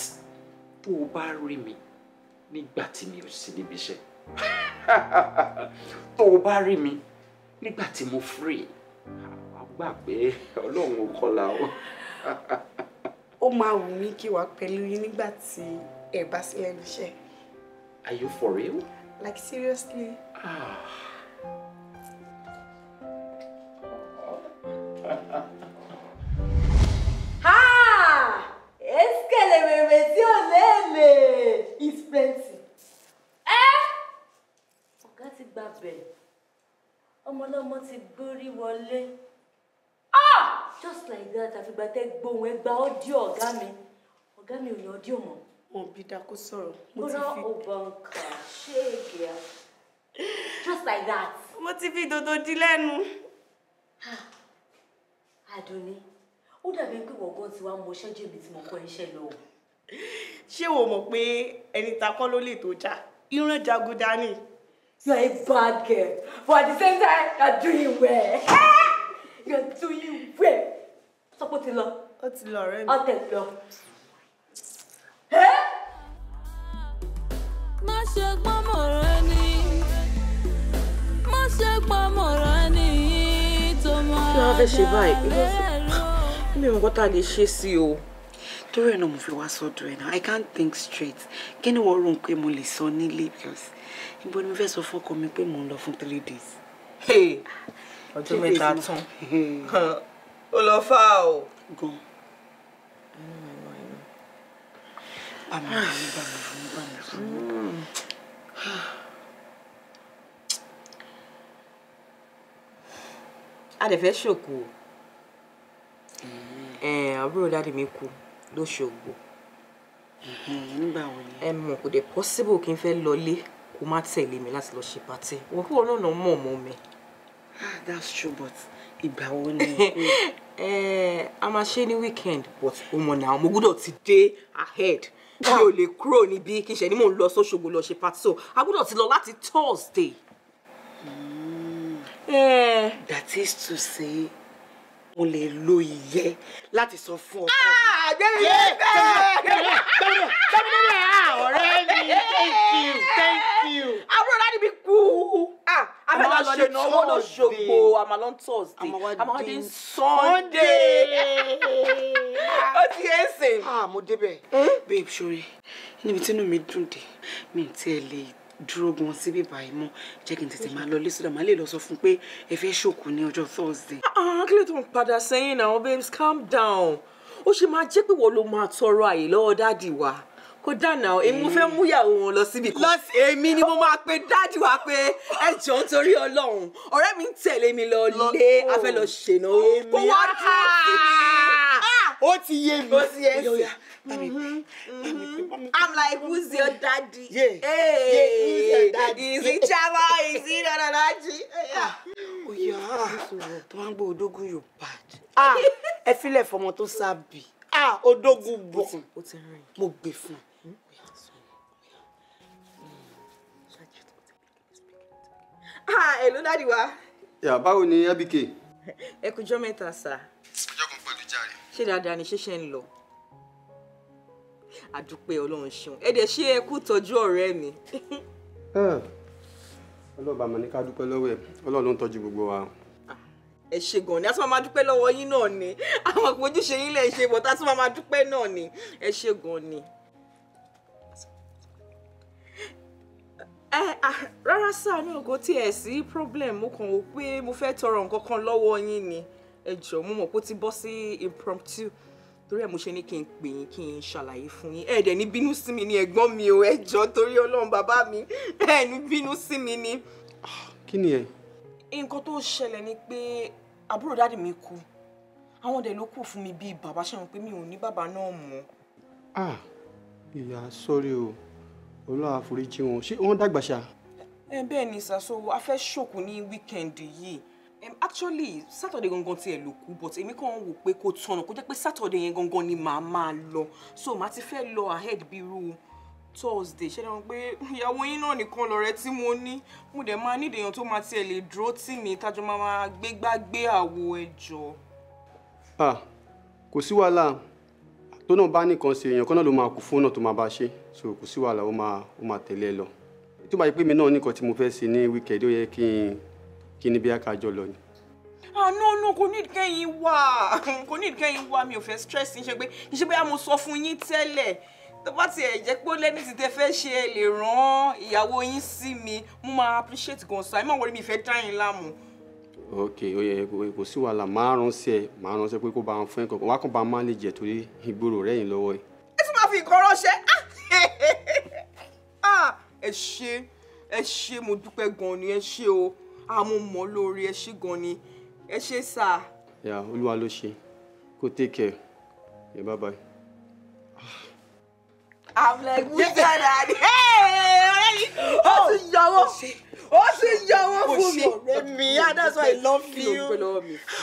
tó o bá rí mi nígbà tí mi ò sí níbi iṣẹ́ tó o bá rí mi nígbà tí mo free wà á gbà pé ọlọ́run ò kọ́ la o. ó máa wù mí kí wàá pẹ̀lú yín nígbà tí ẹ bá sílẹ̀ níṣẹ́. are you for real? Like seriously? Ah. ha! Ah! Eskele meme tí ò lele is plenty. Eh! Ọ̀gá ti gba bẹ̀. mo ti gbórí wọlé. Ah! Just like that, àfìgbà tẹ́ gbóhùn ẹ gba ọ́díò ọ̀gá mi. Ọ̀gá mi ò yàn ọ́díò mọ́ wọn bí dákú sọ̀rọ̀ mo ti fi. gbọ́dọ̀ ògbọ̀nkà ṣé ègè just like that. mo ti fi dòdò di lẹ́nu. àdùnní ó dàbí pé wọ̀gán ti wá mọṣẹ́ jèbi tí mo kọ́ iṣẹ́ lọ. ṣé o mọ̀ pé ẹni ta kọ́ ló lè tó jà ìran jagoda ni. you are a bad girl but at the same time you are doing well. you are doing well. sọ pé ó ti lọ. ó ti lọ ọ̀rẹ́ mi. ó lọ. ṣe báyìí mi ò kọ́ta lè ṣe sí o torí ẹ̀ náà mo fi wá sọ́dọ̀ ẹ̀ náà i can't think straight kí ni wọ́n rò pé mo lè sọ nílé because ibo ni mo fẹ́ sọ fọ́kọ mi pé mò ń lọ fún three days. ọjọ́ mẹ́ta tán ó lọ fà o. gan. bàmí bàmí bàmí bàmí. dẹ̀ fẹ́ ṣòkò àbúrò dáàdì mi kú lóṣogbo nígbà wo ni. ẹ mọ̀ kò dẹ̀ possible kí n fẹ́ lọlé kó má tẹ̀lé mi láti lọ ṣe pàtẹ́ wọn kúrò náà náà mọ̀ mọ́ mi. ah that's true but ìgbà wo ni. ẹ a máa ṣe ní weekend but o mọ̀ náà mo gbọ́dọ̀ ti dé ahead mi ah. ò lè kúrò níbí kí n ṣe ni mò ń lọ sóṣogbo lọ ṣe pàtẹ́ o a gbọ́dọ̀ ti lọ láti Thursday. Mm. Eh. That is to say, mo lè lo ìyẹ́ láti sọ fún ọkọ mi. Àgbẹ̀rẹ̀ yẹn bẹ́ẹ̀. Ọ̀rẹ́ mi, thank you, thank you. Àbúrò láti bí kú. Àbẹ̀ ah, máa ṣe náwó lóṣogbo, àmà lọ́n Thursday, àmà wá dé Sunday. Ó ti ẹ̀ sìn. Ah, mo débẹ̀. Eh? Babe, sorry, You tí inú mi dùn dé, mi ò tiẹ̀ lè dé dúró gan síbí báyìí mọ́ jẹ́ kí n tètè máa lọ lé sódà máa lè lọ sọ fún pé ẹ fẹ́ ṣòkú ní ọjọ́ thursday. Ah, kí ló tó padà sẹ́yìn náà babes calm down ó ṣe máa jẹ́ pé wọ́n ló máa tọrọ àyè lọ́wọ́ dáàdì wa kó dáná èmi mo fẹ́ mú ìyàwó wọn lọ síbi kan. lọ èmi ni mo máa pe dáàdì wa pé ẹ jọ̀ọ́ nítorí Ọlọ́run ọ̀rẹ́ mi ń tẹ̀lé mi lọ lé a kó wá dúró síbi ó ti yé mi. ó ti yé mi. I'm like who's your daddy? Yeah. Hey, yeah, is it Chama? Is it Nanaji? Oya, tó máa ń gbọ́ odógún yóò bàjẹ́. Ah, ẹ filẹ̀ fọmọ tó sábì. Ah, odógún bọ̀. Mo gbè fún hmm? oh, oh, hmm. un. Ah, hello daddy wa. Yà báwo ni Abike? Ẹ kújọ́ mẹ́ta sá. Ọjọ́ ṣé dáadáa ni ṣíṣe ń lọ àdúpẹ́ ọlọ́run ṣeun ẹ dẹ̀ ṣe ẹ kú tọ́jú ọ̀rẹ́ mi. ọlọ́ọ̀bà mà ní ká dúpẹ́ lọ́wọ́ ẹ̀ ọlọ́run ló ń tọ́jú gbogbo wa. ẹ ṣe gan ni a tún máa dúpẹ́ lọ́wọ́ yín náà ni àwọn àpòjúṣe yín lẹ̀ ṣe bọ̀ tá a tún máa dúpẹ́ náà ni ẹ ṣe gan ni. Eh, ah, rárá sáà ní ògo tí ẹ sí problem mo kàn wò pé mo fẹ́ tọrọ nǹkan kan lọ́wọ́ yín ni ẹ jọ̀ọ́ mo mọ̀ pé ti bọ́ sí impromptu torí ẹ̀ mo ṣe ní kí n pè yín kí n ṣàlàyé fún yín ẹ dẹ̀ ní bínú sí mi ni ẹ̀gbọ́n mi o ẹ jọ̀ọ́ torí Ọlọ́run bàbá mi ẹ ní bínú sí mi ni. kí ni ẹ. nǹkan tó ṣẹlẹ̀ ni pé àbúrò dáàdì mi kú àwọn ọdẹ ló kù fún mi bíi bàbá ṣe wọn pé mi ò ní bàbá náà mọ́. ah ìyá sọ́rí o olóòwò àforíjì wọn ṣé wọ́n dàgbà ṣá. ẹ bẹ́ẹ̀ ni sàṣọ a fẹ́ ṣòkú ní wíkẹ́ndì yìí um, actually saturday gangan tiẹ̀ ló kú but èmi kàn ń wò pé kò tọ̀nà kó jẹ́ pé saturday yẹn gangan ni màá máa lọ so màá ti fẹ́ lọ ahead bí irú thursday ṣe dáhùn pé ìyàwó yín náà nìkan lọ̀rẹ́ tí mo ní mo dẹ̀ máa nídìí èèyàn tó máa tiẹ̀ lè dúró tì mí tájọ máa máa gbé gbágbé àwo ẹjọ́. ah kò sí wàhálà tó náà bá nìkan ṣe èèyàn kan náà ló máa kú fún náà tó máa bá ṣe so kò sí wàhálà ó máa ó máa tẹ̀lé ẹ lọ tó bá yẹ pé mi náà nìkan tí mo fẹ́ ṣe ní wíkẹ̀dì ó yẹ kí n kí ni bí a kájọ lọ ni. àná ah, ọ̀nà kò ní ìkẹyìn wá kò ní ìkẹyìn wá mi ò fẹ́ stress ń ṣe pé ń ṣe pé a mo sọ fún yín tẹ́lẹ̀ tó bá tiẹ̀ jẹ́ pé ó lẹ́ni tí tẹ fẹ́ ṣe lè rán ìyàwó yín sí mi mo máa appreciate gan so àìmọ̀ wọlé mi fẹ́ dá yín láàmú. ok ó yẹ kò sí wàhálà máa ránṣẹ́ máa ránṣẹ́ pé kó bá wọn fún ẹ kankan wá kàn bá máa lè jẹ torí ìgboro rẹ yìí lọ́wọ́ ẹ. ẹ tún máa fi nǹkan ránṣẹ́ ah! Ah! ẹ ṣe ẹ ṣe mo dúpẹ́ gan-an ni ẹ ṣe o àmọ́ ah, mọ̀ lórí ẹ ṣé gan ni ẹ ṣé sà. ìyá olúwa ló ṣe kó take care yeah, bye bye. I'm like, we got that. ó ti yọwọ́, ó ti yọwọ́ fún mi. Ọ̀rẹ́ mi, that's why I love you.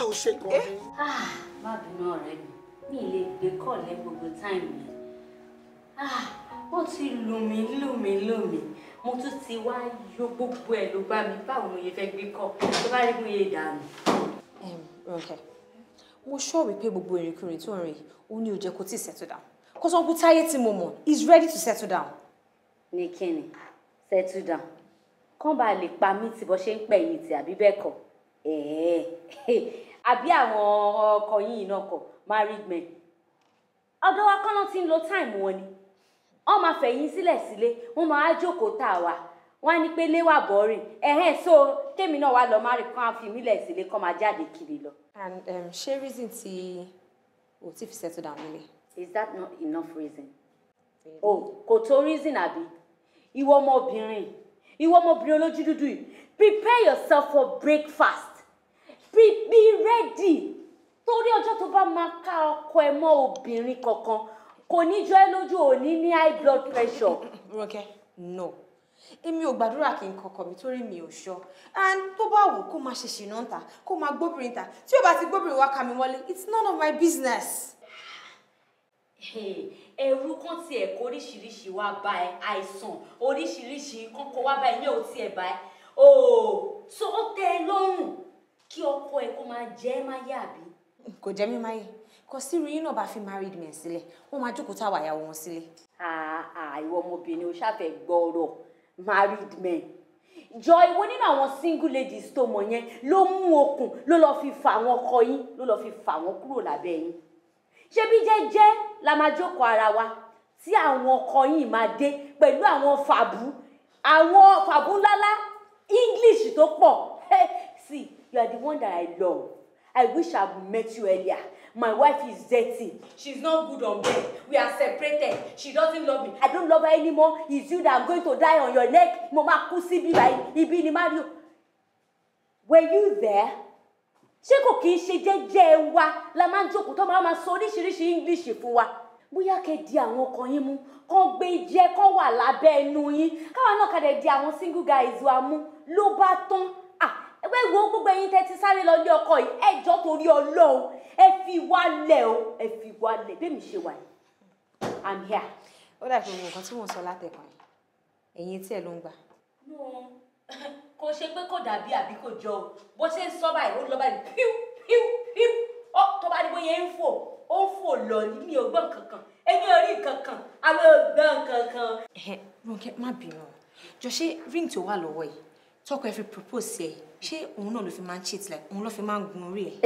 Ó ṣe gan ni. Ah, má bínú ọ̀rẹ́ mi, mi lè gbé kọ̀ọ̀lẹ́ gbogbo táìmù yẹn. Ah, ó ti lù mí, lù mí, lù mí mo tún ti wá yọ gbogbo ẹ̀ ló bá mi báwo mo yẹ fẹ́ gbé kọ́ tó bá rí mo yẹ dànù. Ronke mo sọ wípé gbogbo ìrìnkúrìn tó ń rìn ó ní ó jẹ́ tí ì settle down kó sọ pé táyé tí mo mọ̀ is ready to settle down. ní kíni settle down kán bá lè pa mí tí bó ṣe ń pẹ̀yìn tì àbí bẹ́ẹ̀ kọ́ àbí àwọn ọkọ yìí náà kọ́ married men ọ̀dọ̀ wa kọ́ ló ti ń lo time wọn ni wọ́n máa fẹ̀yìn sílẹ̀ sílé wọ́n máa jókòó tà wá wọ́n á ní pé léwà bọ́rìn ẹ̀hẹ́n so kémi náà wá lọ má rí kán fi mílẹ̀ sílé kán máa jáde kiri lọ. and um, ṣé reason ti o ti fi settle down nílé. is that not enough reason. Really? o oh, kò tó reason àbí ìwọ ọmọbìnrin ìwọ ọmọbìnrin olójú dúdú yìí prepare yourself for breakfast be, be ready torí ọjọ́ tó bá máa ká ọkọ ẹ mọ́ obìnrin kankan kò ní jọ ẹ́ lójú òní ní high blood pressure. Rọ́kẹ́ no èmi ò gbàdúrà kí n kọkọ mi torí mi ò ṣọ and tó bá wù kó máa ṣe ṣìnà ń ta kó máa gbóbìnrin ta tí ó bá ti gbóbìnrin wá ka mi wọlé it's none of my business. ẹ̀rù kan ti ẹ̀kọ́ oríṣiríṣi wá bá ẹ àìsàn oríṣiríṣi kọ́kọ́ wá bá ẹ ní òtí ẹ̀ bá ẹ ooo oh, so ó tẹ́ ẹ lọ́rùn kí ọkọ ẹ kó máa jẹ́ máyé àbí. kò jẹ́ mi máyé kò sí irú yín náà bá fi married men sílẹ̀ wọ́n máa jókòó táwa ìyàwó wọn sílẹ̀. àìwọ ọmọbìnrin o ṣàfẹ́ gbọ́rọ̀ married men jọ ìwọ nínú àwọn single ladies tó mọ yẹn ló mú okùn ló lọ fi fà wọn kọ yín ló lọ fi fà wọn kúrò lábẹ́ yín ṣebí jẹ́jẹ́ la máa jókòó ara wa tí àwọn ọkọ yìí máa dé pẹ̀lú àwọn fàbú àwọn fàbú ńláńlá english tó pọ̀ hey, see you are the one that i love i wish i had met you earlier My wife is dirty. She's not good on bed. We are separated. She doesn't love me. I don't love her anymore. It's you that I'm going to die on your neck. Mama, kusi kú síbí Ibi ni Mario. Were you there? Ṣé kò kí n ṣe jẹ́jẹ́ wa la máa ń jókòó tó máa máa sọ oríṣiríṣi English fún wa? Bóyá kẹ́ di àwọn ọkọ yín mú, kán gbé jẹ́ kán wà lábẹ́ ẹnu yín, káwọn náà kàdé di àwọn single guys wa mú ló bá tán. Ẹgbẹ́ ìwò gbogbo ẹ̀yin tẹ́ ti sáré lọ ilé ọkọ yìí, ẹ̀jọ́ torí Ọlọ́run ẹ fi wá lẹ̀ o ẹ fi wá lẹ̀ bẹ́ẹ̀ mi ṣe wà yìí i'm here. ó dàbí ohun kan tí mò ń sọ látẹ̀kàn yìí ẹ̀yin tí ẹ̀ ló ń gbà. kò ṣe pé kò dàbí àbí kò jọ o bó ṣe ń sọ báyìí ó lọ báyìí píú píú píú ọ tó bá ní bóyá ń fò ó ń fò lọ ní mi kankan èmi ò kankan àwọn ò kankan. Ronke má bínú jọ ṣé ring tó wà lọ́wọ́ yìí tọkọ ẹ fi propose sí ẹ ṣé òun náà ló fi máa ń cheat like òun ló fi máa ń gun orí ẹ.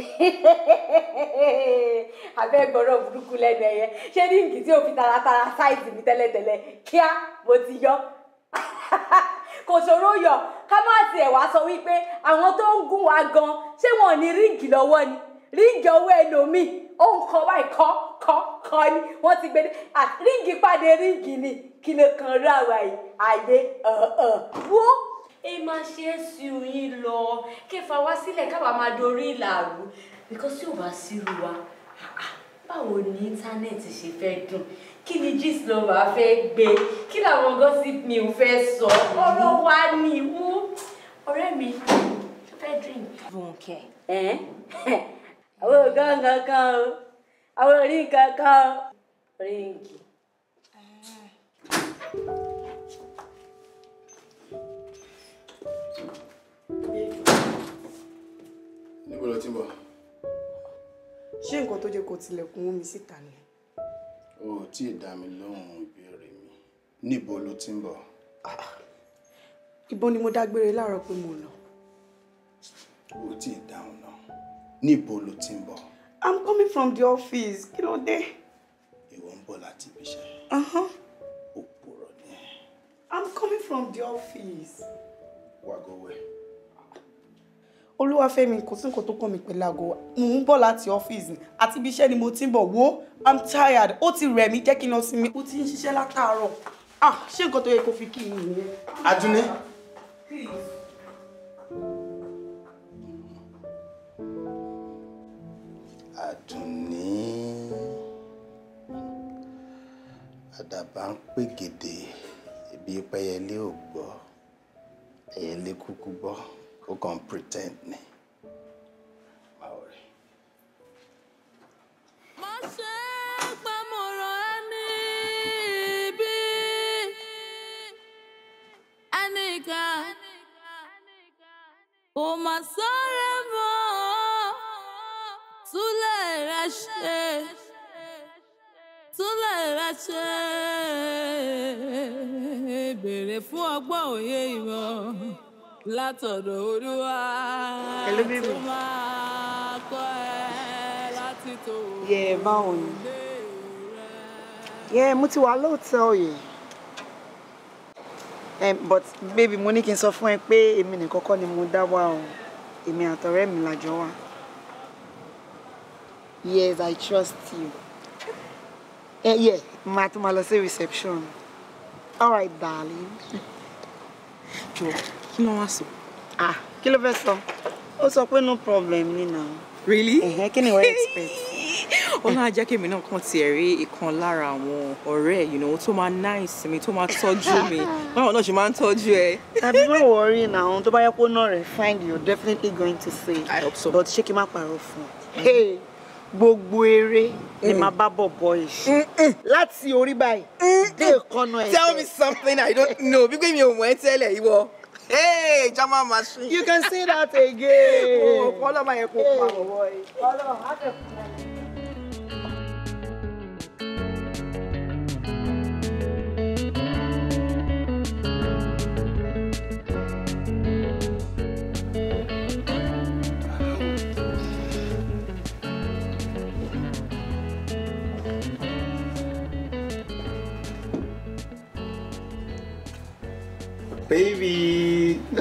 abẹ́ gbọ́dọ̀ burúkú lẹ́nu ẹ̀yẹ ṣé ní nǹkan tí o fi taratara ṣáìtì mi tẹ́lẹ̀tẹ́lẹ̀ kíá mo ti yọ kò ṣòro yọ ká má tiẹ̀ wá sọ wípé àwọn tó ń gún wa gan ṣé wọn ò ní ríǹgì lọ́wọ́ ni ríǹgì ọwọ́ ẹlòmíì ó ń kọ báyìí kọ́ kọ́ kọ́ ni wọ́n ti gbé ah, ríǹgì pàdé ríǹgì ni kí ló kan rà wáyé ayé ọ̀ọ̀ uh, uh. wó ẹ máa ṣe SU yín lọ kẹfà wá sílẹ̀ káwa máa dorí ìlàrú because tí ò bá sírù wa báwo ni íńtánẹ́ẹ̀tì ṣe fẹ́ dùn kí ni gist lover fẹ́ gbé kí làwọn gossip mi ò fẹ́ sọ ọ̀rọ̀ wa ni wú ọ̀rẹ́ mi fẹ́ drink. Bùnkẹ́ ẹ̀ àwọn ọ̀gá nǹkan kan o àwọn orí nǹkan kan o ríǹkì. bó lọ ti ń bọ̀. ṣé nǹkan tó jẹ́ kó tilẹ̀kùn mú síta ni. o ò tí ì dá mi lóhùn ìbéèrè mi níbo ló ti ń bọ̀. Ah, ibo ni mo dágbére láàárọ̀ pé mo lọ. o ò tí ì dáhùn náà níbo ló ti ń bọ̀. I'm coming from the office kí ló dé. ìwọ ń bọ̀ láti ibi iṣẹ́. Uh-huh. òpòrọ̀ ni. I'm coming from the office. wàá gọ́wẹ́ olúwàfẹ́mi kò sí nǹkan tó kàn mí pẹ̀lú aago mò ń bọ̀ láti ọ́fíìsì àti ibi iṣẹ́ ni mo ti ń bọ̀ wo i'm tired ó ti rẹ̀ mí jẹ́ kí n lọ sinmi. o ti ń ṣiṣẹ́ látàárọ̀ ah ṣé nǹkan tó yẹ kó fi kí mi nìyẹn. adúné. adúné àdàbà ń pè gèdè ibi pẹyẹlé ò gbọ́ ẹyẹlé kúkú gbọ́ ó kàn pretend ni. ó mà sọ̀rọ̀ mọ́ túlẹ̀ rẹ ṣe túlẹ̀ rẹ ṣe béèrè fún ọgbọ́n òye ìwọ látọ̀dọ̀ olúwa tó máa kọ́ ẹ láti tó ilé rẹ. Yeah, mo ti wà lóòótọ́ yìí. Eh, but baby mo ní kí n sọ fún ẹ pé èmi nìkan kọ́ ni mo dá wá o èmi àtọ̀rẹ́ mi làjọ wá. Yes, I trust you. ẹ eh, yẹ màá tún máa lọ sí reception. All right, darling. Jọ̀ọ́ kí ló wá sọ. ah kí ló fẹ́ sọ ó sọ pé no problem ni na. really ẹ̀hẹ́ kí ni wọ́n expect. ó náà jẹ́ kémi náà kàn tiẹ̀ rí ìkan lára àwọn ọ̀rẹ́ tó máa nice mi tó máa tọ́jú mi báwọn náà ṣe máa ń tọ́jú ẹ. tàbí má worry na àwọn tó bá yẹ kó náà rẹ̀ find you definitely going to say I hope so. but ṣé kí n má parọ́ fún un mm-hmm. gbogbo eré ni máa bá bọ̀bọ̀ yìí láti orí báyìí dé ìkọ́nà ẹ̀jẹ̀. tell me something i don't know bí pé mi ò mọ̀ ẹ́ tẹ́lẹ̀ ìwọ. Hey, Jama Machine. You can say that again. Oh, follow my echo, hey. boy. Follow. Baby.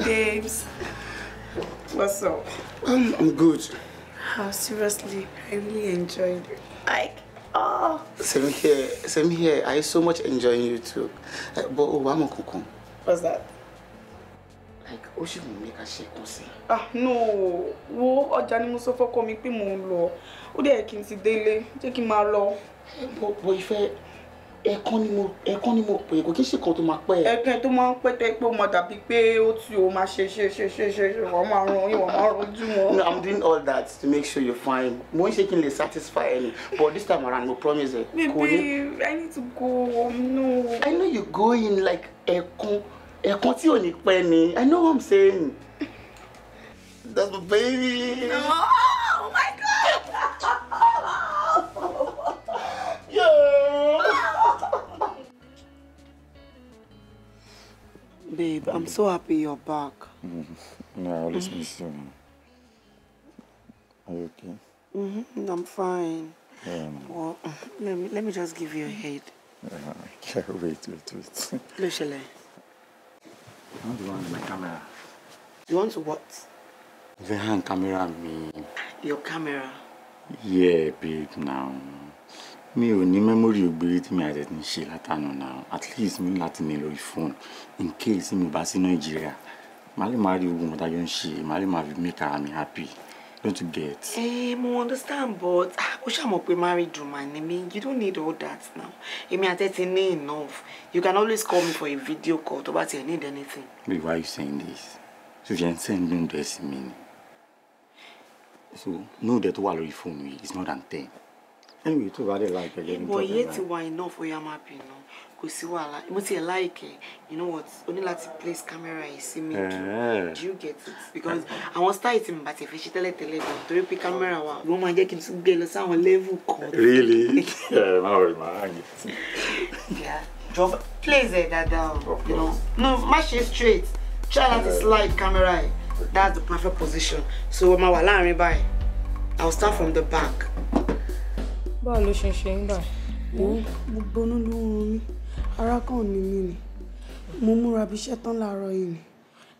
Babes. What's up? Um, I'm good. How oh, seriously, I really enjoyed it. Like, oh. Same here, same here. I so much enjoying you too. Like, but oh, I'm a cuckoo. What's that? Like, ó ṣì mú mi ká ṣe kó Ah, no. Wo ọjà ni mo sọ fọ́kọ mi pé mò ń lọ. Ó dẹ̀ kí n ti délé, jẹ́ kí n máa ẹ̀kan ni mo ẹ̀kan ni mo pè kò kí ṣe kan tó máa pẹ́ ẹ̀. ẹ̀kan tó máa ń pẹ́ tẹ́ pé ó dàbí pé ó ti o máa ṣe ṣe ṣe ṣe ṣe ṣe wọ́n máa ran ìwọ̀n máa rojú wọn. no i'm doing all that to make sure you're fine mo ń ṣe kí n lè satisfy ẹni but this time around mo promise ẹ. baby i need to go no. i know you go in like ẹ̀kan ẹ̀kan tí ò ní pẹ́ ni i know what i'm saying. that's my baby. oh, oh my god. Babe, I'm so happy you're back. no, I always miss you. Are you okay? Mm-hmm, I'm fine. Yeah, well, let me, let me just give you a head. Yeah, I can't wait, wait, wait. Lushele. How do you want my camera? You want to what? The hand camera, me. Your camera? Yeah, babe, now mi ò ní mẹ́mórì ògbére tí mi àti ẹ̀ ti ń ṣe látànà náà at least mi láti ní lórí fóònù in case mi bá sí nàìjíríà màá lè máa rí ogun ọ̀tá jọ ń ṣe màá lè máa fi make ara mi happy don't you get. ẹ hey, mo understand but ah, ó ṣàmọ̀ pé married woman ni mi you don't need all that now èmi àti ẹ ti ní enough you can always call me for a video call tó bá tiẹ̀ need anything. babe why you saying this so fi ẹ ń send lóun dẹ̀ sí mi ni so know that tó wà lórí fóònù yìí is not than ten anyway tó bá dé láìpẹ́ jẹ́ nítorí rẹ̀. ìbò iye ti wà iná fóyá má bínú kò sí wàhálà mo ti ẹ̀ láìkẹ́ you know what o ní láti place camera yìí sí mi eh. do you get it because àwọn style ti mi bàtẹ̀ fi ṣe tẹ́lẹ̀tẹ́lẹ̀ gan torí pé camera wa wọ́n máa jẹ́ kí n tún gbé lọ sáwọn level kan. really ẹ eh, má wẹ̀ má hàn yìí. jọ place ẹ dáadáa o you know no má ṣe straight try láti eh. slide camera yìí that's the perfect position so ọmọ wà láàrin báyìí i will start from the back báwo ló ṣe ń ṣe ń bà. gbogbo ló ń rún mi ara kan ní ni mo múra bí iṣẹ́ tán láàárọ̀ yìí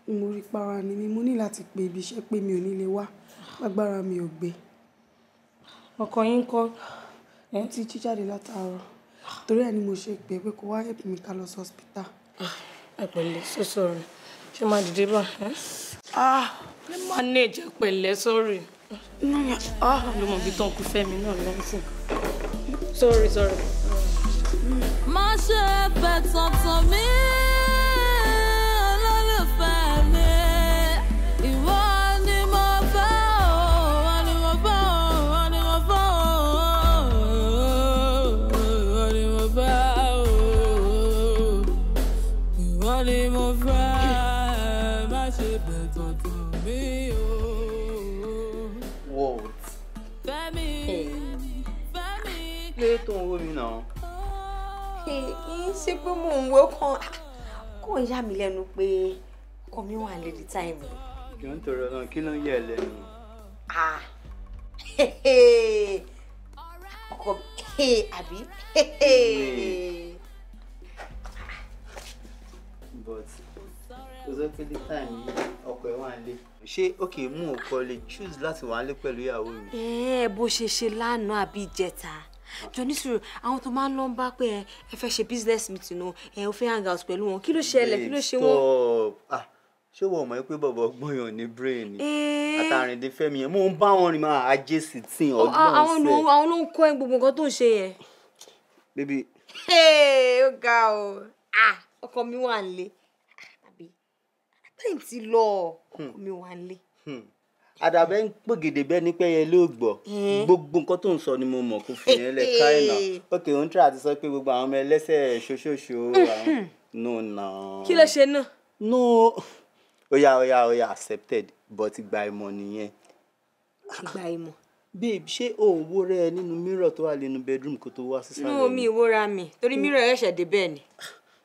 ni ni mo rí para ni mi mo ní láti pe ibi iṣẹ́ pé mi ò ní lè wá lágbára mi ò gbé. ọkọ yín kọ́. mo ti jí jáde torí ẹ̀ ni mo ṣe pè é pé kó wá help mi ká lọ sí hospital. ẹ pẹ̀lẹ́ so sorry ṣé máa dìde bá. ah ẹ máa ní ìjẹ́ pẹ̀lẹ́ sorry. Ah. ló mọ̀ bí tó ń kú fẹ́mi náà lọ́sìn sorry sorry. má tó ń mi náà. kì í ṣe pé mò ń wó kan ah, kò ń yà mí lẹ́nu pé ọkọ mi wà lè di táìmù. jọ ń tọrọ náà kí ló ń yà lẹ́nu. Ah. ọkọ àbí. but o sọ pé the time yìí ọkọ ẹ wà lé. ṣé òkè mú òkọ lè choose láti wà lé pẹ̀lú ìyàwó mi. ẹ eh, bó ṣe ṣe lánàá àbí ìjẹta jọ nísìrò àwọn tó máa ń lọ ń bá pé ẹ ẹ fẹ́ ṣe business meeting o ẹ ò fẹ́ hang out pẹ̀lú wọn kí ló ṣẹlẹ̀ kí ló ṣe wọ́n. Ah, ṣé wọ́n mọ̀ pé bọ̀bọ̀ gbọ́yàn ní brain eh. àtàrìndín fẹ́mi yẹn mò ń bá wọn rìn máa ajé sí tí oh, ọdún náà ah, sẹ́ẹ̀. àwọn ló ń kọ́ ẹ gbogbo nǹkan tó ń ṣe yẹn. bébí. ó ga o ah, ọkọ mi wà ń lé àbí bẹ́ẹ̀ ti lọ hmm. ọkọ mi wà ń lé àdàbẹ́ ń pògèdè bẹ́ẹ̀ ní pẹ́yẹ ló gbọ́ hmm. gbogbo nǹkan tó ń sọ ni mo mọ̀ kó fi yẹn lẹ̀ eh, káyìnà eh. òkè òun tíra ti sọ pé gbogbo àwọn ọmọ ẹlẹ́sẹ̀ ṣoṣooṣo àwọn hmm. no kí ló ṣe náà. no oya oya oya accepted but ìgbà ìmọ̀ nìyẹn. ìgbà ìmọ̀. babe ṣé o ò wo rẹ nínú mirror tó wà lẹ́nu bedroom kó tó wá sí salon. nú omi ìwúra mi torí hmm. mirror ẹ̀ṣẹ̀ dé bẹ́ẹ̀ ni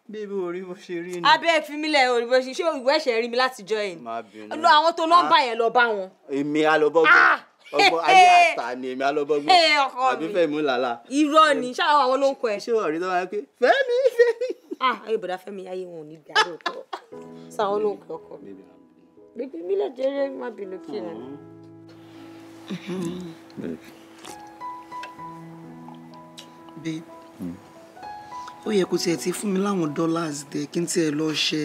bébí orí bó ṣe rí ni. abẹ́ ìfimilẹ̀ orí bó ṣe ṣé ìwé ẹ̀ṣẹ̀ rí mi láti jọ yìí. má bínú lọ àwọn tó nọ́mbà yẹn lọ bá wọn. èmi alọ́bọ́gbọ́n ah! ọgbọ́n ayé àtà ni èmi alọ́bọ́gbọ́n àbí Fẹ́mi làlá. irọ́ ni ṣáà àwọn ló ń kọ ẹ. ṣé ọ̀rí tó máa ń pè Fẹ́mi Fẹ́mi. ah ayé bọ̀dá Fẹ́mi ayé wọn ò ní dá lóòótọ́ sáwọn ló ń kọ ọkọ. bébí mi lè jẹ́rẹ́ má bínú kí ẹ. Mm-hmm. babe. babe. Mm ó yẹ kó tiẹ̀ ti fún mi láwọn dollars dẹ̀ kí n tiẹ̀ lọ ṣe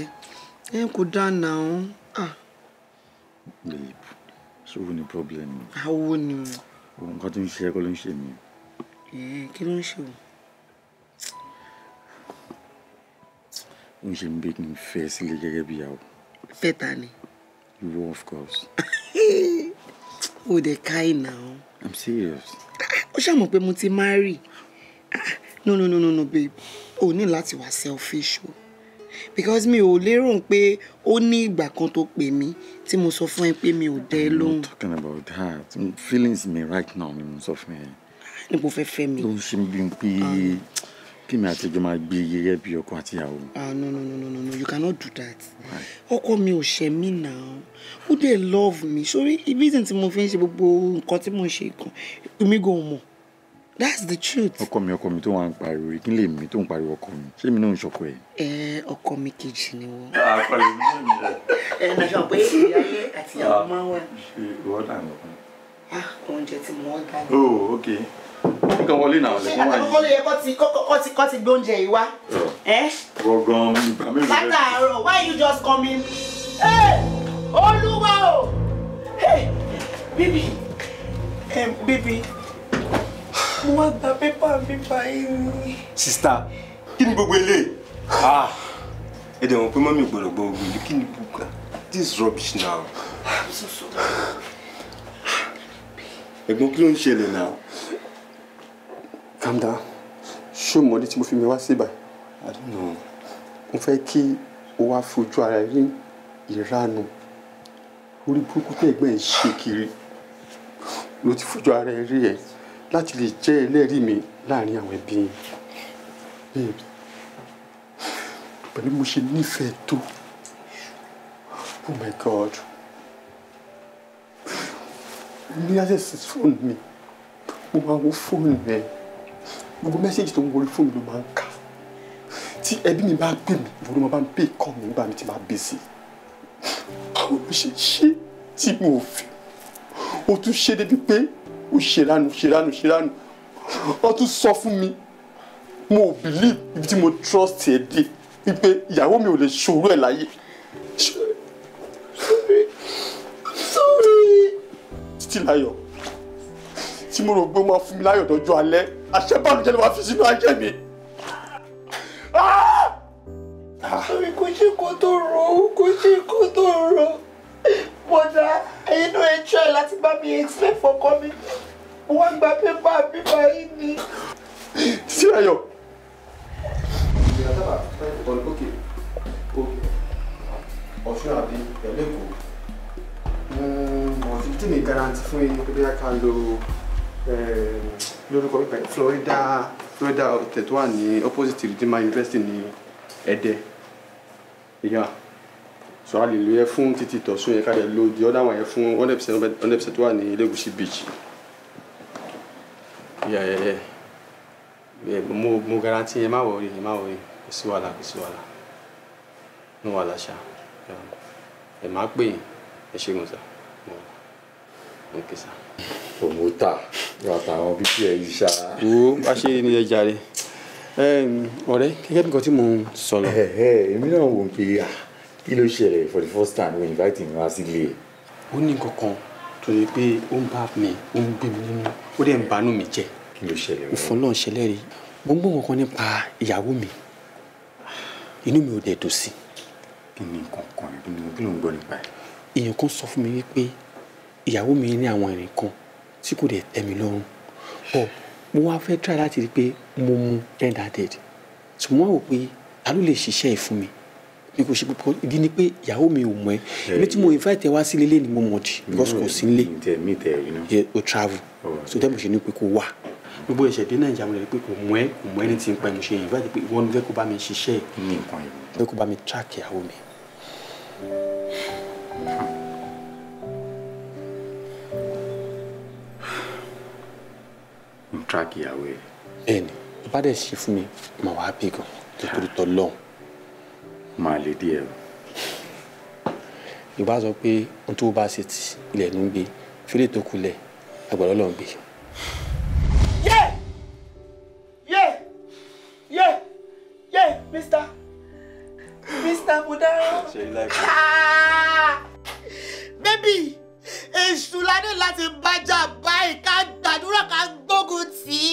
ẹ kò dáná ọ̀hún. babe sóhun ni problem. awo ni o. òun kan tó ń ṣe ẹkọ ló ń ṣe mí. kí ló ń ṣe o. ó ń ṣe mí bí kí n fẹ́ sílé gẹ́gẹ́ bí ìyàwó. fẹ́ ta ni. ìwọ of course. o de ka ina i'm serious. Ah, ó ṣàmọ̀ pé mo ti marry. Ah, no no no no no babe o ní láti wà selfish o because mi ò lérò pé ó ní ìgbà kan tó pè mí tí mo sọ fún ẹ pé mi ò dẹ lóhùn. I'm not talking about that feelings mi right now ni mo sọ fún ẹ. Ah, níbo fẹ́ fẹ́ mi. ló ń ṣe bí n pé ah, kí mi àtijọ́ máa gbé iye bí ọkọ àti ìyàwó. ah no no no no no you cannot do that. ọkọ mi ò ṣe mí náà Who dẹ̀ love me? sórí reason tí mo fi ń ṣe gbogbo nǹkan tí mo ń ṣe gan èmi gan mọ̀ that's the truth. ọkọ mi ọkọ mi tó wà ń pariwo kí n lè mi tó ń pariwo ọkọ mi ṣé mi náà ń ṣọkọ ẹ. ẹ ọkọ mi kejì ni wọn. àpàlẹ ah, mi náà ń bọ. ẹ ẹ nàṣọ pé ìyáálé àti ìyàwó ah, máa wà. ṣe ìwọ dà nù. ah oúnjẹ tí mo wọ́n dá. oh okay nǹkan wọlé náà lẹ́kọ́ wáyé. ṣé àtàkùn lè yẹ kó ti gbé oúnjẹ yìí wá. Oh. gbọ̀ngàn ìgbà mélòó. látàárọ̀ why you just come in. olúwa o bíbí bíbí mo wá gba pépà mi báyìí sista kí ni gbogbo eléyìí ah, ẹ dẹ̀ wọ́n pé mọ́mí gbọ́dọ̀ gbọ́ gbogbo ìlú kí ni gbogbo this is rubbish now. ẹ̀gbọ́n kí ló ń ṣẹlẹ̀ náà. calm down ṣó mọ́lé tí mo fi mi wá sí ibà. I don't know. mo fẹ́ kí o wá fojú ara rí ìranu orí burúkú tẹ̀gbẹ́ ń ṣe kiri ló ti fojú ara rí ẹ̀ láti lè jẹ́ ẹlẹ́rìí mi láàrin àwọn ẹbí yín pẹ̀lú mo ṣe nífẹ̀ẹ́ tó oh my god ní àṣẹṣe fóònù mi mo máa wo fóònù rẹ gbogbo mẹ́sẹ̀gì tó ń wọlé fóònù ló máa ń kà tí ẹbí mi bá gbé mi ìwọ ló máa bá ń pè kọ́ mi nígbà mi ti máa bèsè báwo ló ṣe ṣe tí mo fi o tún ṣe débi pé ó ṣèrànù ṣèrànù ṣèrànù wọ́n tún sọ fún mi mo ò believe ibi tí mo trust ẹ̀ dé wípé ìyàwó mi ò lè ṣòro ẹ̀ láyé. títí láyọ̀ tí mo rò pé ó máa fún mi láyọ̀ dọ́jọ́ alẹ́ àṣẹ́bàlùjẹ́ ló wá fi sínú ajé mi. Àmì kò Ah! kó tó rọ, kò ṣe kó tó rọ bọ̀dà inú ẹ try láti bá mi explain fọkọ mi wọ́n gba pépà bíbá yìí ni. sírayọ. ọ̀ṣun àbí pẹ̀lú èkó hmm, ọ̀ṣun tí mi garanti fún yín pé bí a lo eh, lórúkọ pípẹ́ Florida Florida hotel ní opposite Redeemer University ní Ẹdẹ. Yeah so a lè lo yẹ fún títí tọ̀sùn yẹn ká lè lo di ọ̀dà wọn yẹn fún hundred percent hundred percent wà ní Elegushi beach yẹ yẹ yẹ mo mo garanti yẹn má wọrí yẹn má wọrí kò sí wàhálà kò sí wàhálà ní wàhálà ṣá ẹ má pè yín ẹ ṣègùn sá mo kì sá. òmùtà yàtọ̀ àwọn bíbí ẹ̀ yìí ṣá. wo bá ṣe ní ẹ jàre ọ̀rẹ́ gẹ́gẹ́ bí nǹkan tí mo ń sọ lọ. ẹ ẹ èmi náà wò ó pé kí ló ṣẹlẹ̀ for the first time we invite him wá sílé ẹ̀. ó ní kankan tó yẹ pé ó ń bá mi ó ń gbé mi nínú ó dẹ̀ ń banú mi jẹ́. kí ló ṣẹlẹ̀ wọ́n. ìfọ̀n náà ṣẹlẹ̀ rí gbogbo nǹkan nípa ìyàwó mi inú mi ò dẹ̀ dùn sí. kí ni kankan kí ló ń gbọ́ nípa ẹ̀. èèyàn kan sọ fún mi wípé ìyàwó mi ní àwọn ìrìn kan tí kò dẹ̀ tẹ́ mi lọ́rùn bọ́ mo wá fẹ́ try láti rí i pé mo mu end-handed ṣùgbọ́n wò pé mi kò ṣe púpọ̀ ìdí ni pé ìyàwó mi ò mọ̀ ẹ́ èmi tí mo invite ẹ wá sí ni mo mọ̀ di because kò sí nílé mm, mm, mm, yẹ o travel so tẹ́ mo ṣe ni pé kò wà gbogbo ẹ̀ṣẹ̀ dé nàìjíríà mo lè rí pé kò mọ̀ ẹ́ kò mọ̀ ẹ́ ti ń pa mo ṣe invite pé ìwọ ni fẹ́ kó bá mi ṣiṣẹ́ ní nǹkan yìí mi track ìyàwó mi. n track ìyàwó ẹ. bẹ́ẹ̀ni bá dẹ ṣe fún mi màá wá bí gan nítorí tọ lọhùn máa le díẹ̀ o. ìbá sọ pé ohun tó bá ṣe tì ilẹ̀ ló ń gbé fílẹ̀ tó kulẹ̀ àgbàdo ló ń gbé. yé yé yé yé mr mr mudara. bébì èṣù ládé láti bájà báyìí ká gbàdúrà ká gbógun tì í.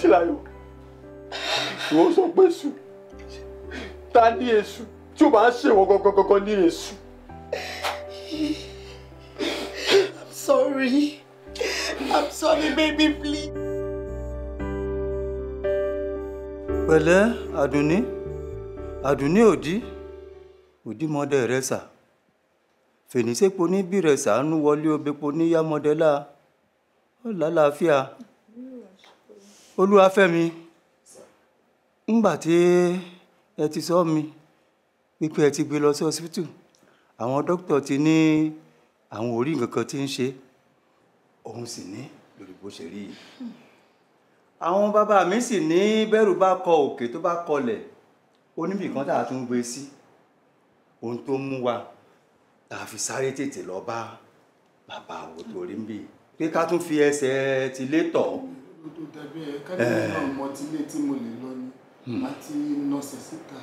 síláyò ìwọ sọ pé sùn ta ní èṣù tí o bá ń ṣèwọ gangan ní èṣù. I'm sorry I'm sorry baby please. pẹ̀lẹ́ àdùnní àdùnní òdí òdìmọdé rẹ sà fèníṣẹ́po ní bí rẹ sàánú wọlé obepo níyàmọ́dẹ́lá ọ̀làlàáfíà olúwafẹ́mi ńgbà tí ẹ ti sọ mi wípé ẹ ti gbé lọ sí ọsibítù àwọn dókítà ti ní àwọn orí nǹkan kan tí ń ṣe òun sì ní lórí bó ṣe rí yìí àwọn bàbá mi sì ní bẹ́rù bá kọ òkè tó bá kọlẹ̀ oníbìkan tá a tún gbé sí ohun tó mú wa tá a fi sáré tètè lọ bá bàbá àwọn torí ń bì pé ká tún fi ẹsẹ̀ tilé tọ̀. tó tẹ̀bí ẹ ká lè mọ tilé tí mo lè lọ ní má hmm. ti nọsẹ̀ síta.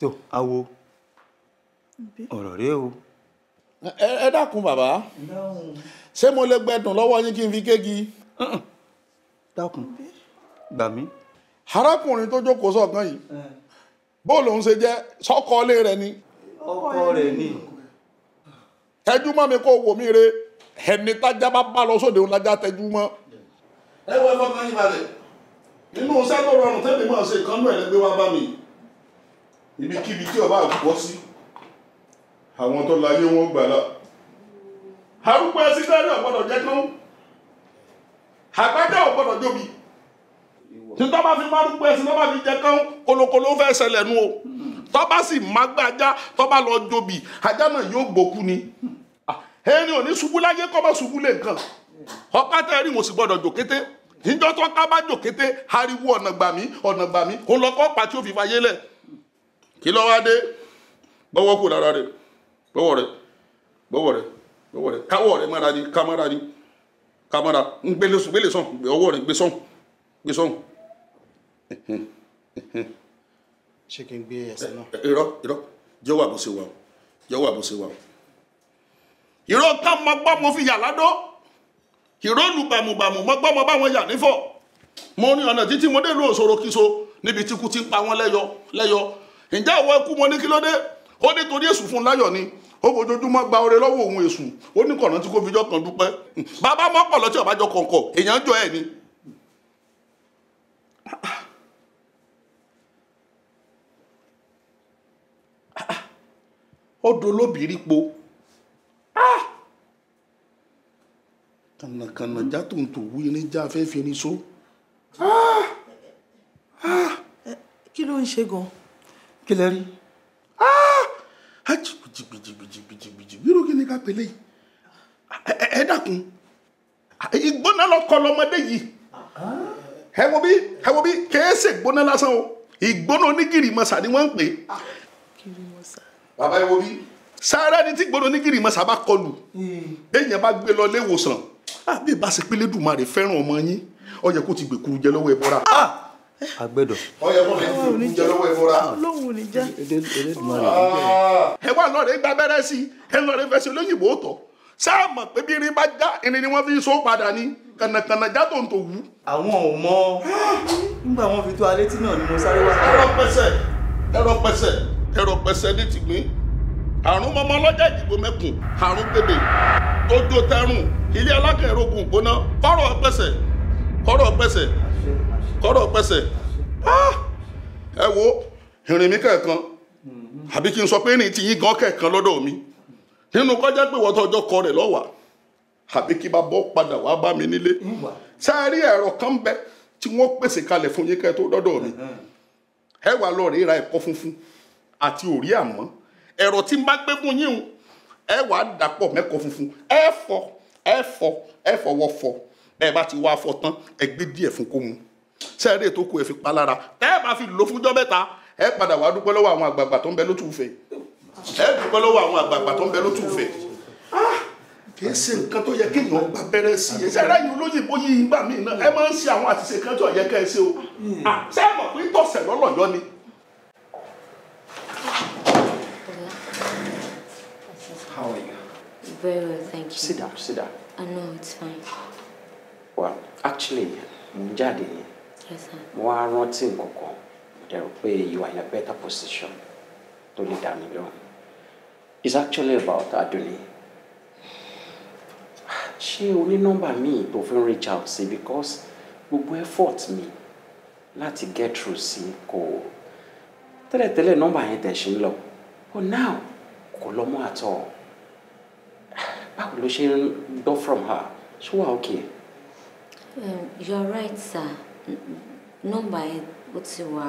tó awo ọ̀rọ̀ rẹ o. ẹ dákun bàbá ṣé mo lè gbẹdùn lọ́wọ́ yín kí n fi kéegi. dákun gbà mí. arákùnrin tó jókòó sọ̀kan yìí bó lòun ṣe jẹ́ sọ́kọ ilé rẹ̀ ni. ọkọ rẹ̀ ni. tẹjú mọ́ mi kó wò mí re ẹni tájá bá bá lọ sóde òun lájá tẹjú mọ́. ẹ wọ ẹ fọkàn yín balẹ̀ nínú sẹ́tọ̀ rọrùn tẹ́lẹ̀ máa ṣe kánú ẹ̀ lẹ́gbẹ́ wá bá mi ibikíbi tí ọba àkùkọ sí àwọn tó láyé wọn gbà lọ. arúgbó ẹsígbẹ́rì ọ̀gbọ́dọ̀ jẹ́ tán àgbájá ọ̀gbọ́dọ̀ jóbi tí tọ́ba fi máa rúgbó ẹsìn tọ́ba fi jẹ kán kolokolo fẹ́ ṣẹlẹ̀ nu o tọ́ba sì máa gbájá tọ́ba lọ jóbi ajá náà yóò gbókú ni ah, ẹni ò ní ṣubú láyé kọ́ bá ṣubú lè kàn ọ̀pá tẹ́rì mo sì gbọ́dọ̀ jò kété. níjọ́ tó ká bá jòkété ariwo ọ̀nà gbàmí ọ̀nà gbàmí ó lọ kọ́ pa tí fàyè lẹ̀ kí lọ́ wá gbọ́wọ́ kù lára rẹ̀ gbọ́wọ́ rẹ̀ gbọ́wọ́ rẹ̀ gbọ́wọ́ rẹ̀ káwọ́ rẹ̀ ni ni ń gbélé sùn gbélé sàn gbé ọwọ́ rẹ̀ gbé sàn gbé sàn. ṣé kí n ìrọ́lù bàmùbàmù mo gbọ́ mo bá wọn yà nífọ̀ mo ní ọ̀nà títí mo dé lu òṣòro kíso níbi tí kú ti ń pa wọn lẹ́yọ lẹ́yọ ǹjẹ́ ìwọ ikú mo ní kí ló dé ó ní torí èṣù fún láyọ̀ ni ó fojoojúmọ́ gba oore lọ́wọ́ òun èṣù ó ní kọ̀nà tí kò fi jọ́ kan dúpẹ́ bàbá mọ́pọ̀lọ́ tí ọ̀bájọ kọ̀ọ̀kọ̀ èèyàn jọ ẹ̀ ni. ó dolóbìrí po. Ah! kànàkànà já tonto ń tò wú já fẹ́ fi irin so. kí ló ń ṣe gan. kí lẹ rí. a jìbì jìbì jìbì jìbì jìbì jìbì irú kí ni ká pèlè yìí ẹ dákun ìgbóná lọkọ lọmọdé yìí ẹ wo bí ẹ wo bí kèé gbóná lásán o ìgbóná onígìrì mọ̀sá ni wọ́n ń pè é. bàbá ẹ wo bí. sáárá ni tí gbóná onígìrì mọ̀sá bá kọlù èèyàn hmm. bá gbé lọ ilé ìwòsàn àbí ah, ìbá ṣe pé Lédùmarè fẹ́ràn ọmọ yín ó yẹ kó ti gbèkú jẹ lọ́wọ́ ẹbọra. agbẹdọ. Ah! ó yẹ kó ti gbèkú jẹ lọ́wọ́ ẹbọra. olóhùn ní jẹ. ẹ wá lọ́ọ̀rẹ́ gba abẹ́rẹ́ sí ẹ lọ́ọ̀rẹ́ fẹsẹ̀ olóyìnbó tọ̀ sáà mọ̀ pé bí ni wọ́n so padà ni kànàkànà já tó ń tò wú. àwọn ò mọ nígbà wọn fi tó alẹ́ tí náà ni mo sáré wá. ẹrọ pẹsẹ ẹrọ pẹsẹ ẹrọ pẹsẹ ní tìgbín àrùn mọmọ ọlọjà ìdìbò mẹkùn àrùn gbèdè tó dó tẹrùn ilé alákàn èrò ogun kọ́rọ̀ pẹ̀sẹ̀ kọ́rọ̀ pẹ̀sẹ̀ kọ́rọ̀ pẹ̀sẹ̀ ah! ẹ wo ìrìn mi àbí kí ti yín gan kẹ̀kan lọ́dọ̀ mi nínú kọjá pé wọ́n tọjọ́ kọ rẹ̀ lọ́wà àbí kí bá bọ́ padà wá bá mi nílé rí ẹ̀rọ kan bẹ tí wọ́n pèsè kalẹ̀ funfun àti òrí àmọ́ ẹ̀rọ tí n bá gbé fún yín funfun ẹ ẹ fọ ẹ fọwọ́ fọ bẹ́ẹ̀ bá ti wá fọ tán ẹ gbé díẹ̀ fún kó mu sẹ́ẹ̀rẹ́ tó kù ẹ fi pa lára tẹ́ ẹ bá fi lò fúnjọ́ mẹ́ta ẹ padà wá dúpẹ́ lọ́wọ́ àwọn àgbààgbà tó ń bẹ lótùúfẹ́ ẹ dúpẹ́ lọ́wọ́ àwọn àgbààgbà tó ń bẹ lótùúfẹ́ ah! kìí ṣe nǹkan tó yẹ kéèyàn gba abẹ́rẹ́ sí i ṣe ẹ̀rẹ́yìn olóyìnbó yìí gbà mí náà ẹ máa ń ṣe àwọn àtìṣe kan tó yẹ ká ẹ ṣe o ah! ṣé ẹ mọ̀ pé tọ̀sẹ̀ lọ́lọ́yọ́ ni very well, thank you. Sit down, sit down. I know, it's fine. Well, actually, mo jáde yẹn. Yes, sir. you are in a better position tó lè dá mi lóhùn. It's actually about Adunni. She only number me to even reach out sí because we were fought me. mi láti get through sí kò tẹ́lẹ̀tẹ́lẹ̀ nọ́mbà yẹn tẹ̀ ṣe ń lọ. But now kò at all báwo ló ṣe ń from her ṣó wà ah, okay. Um, you are right sir Number ẹ ó ti wà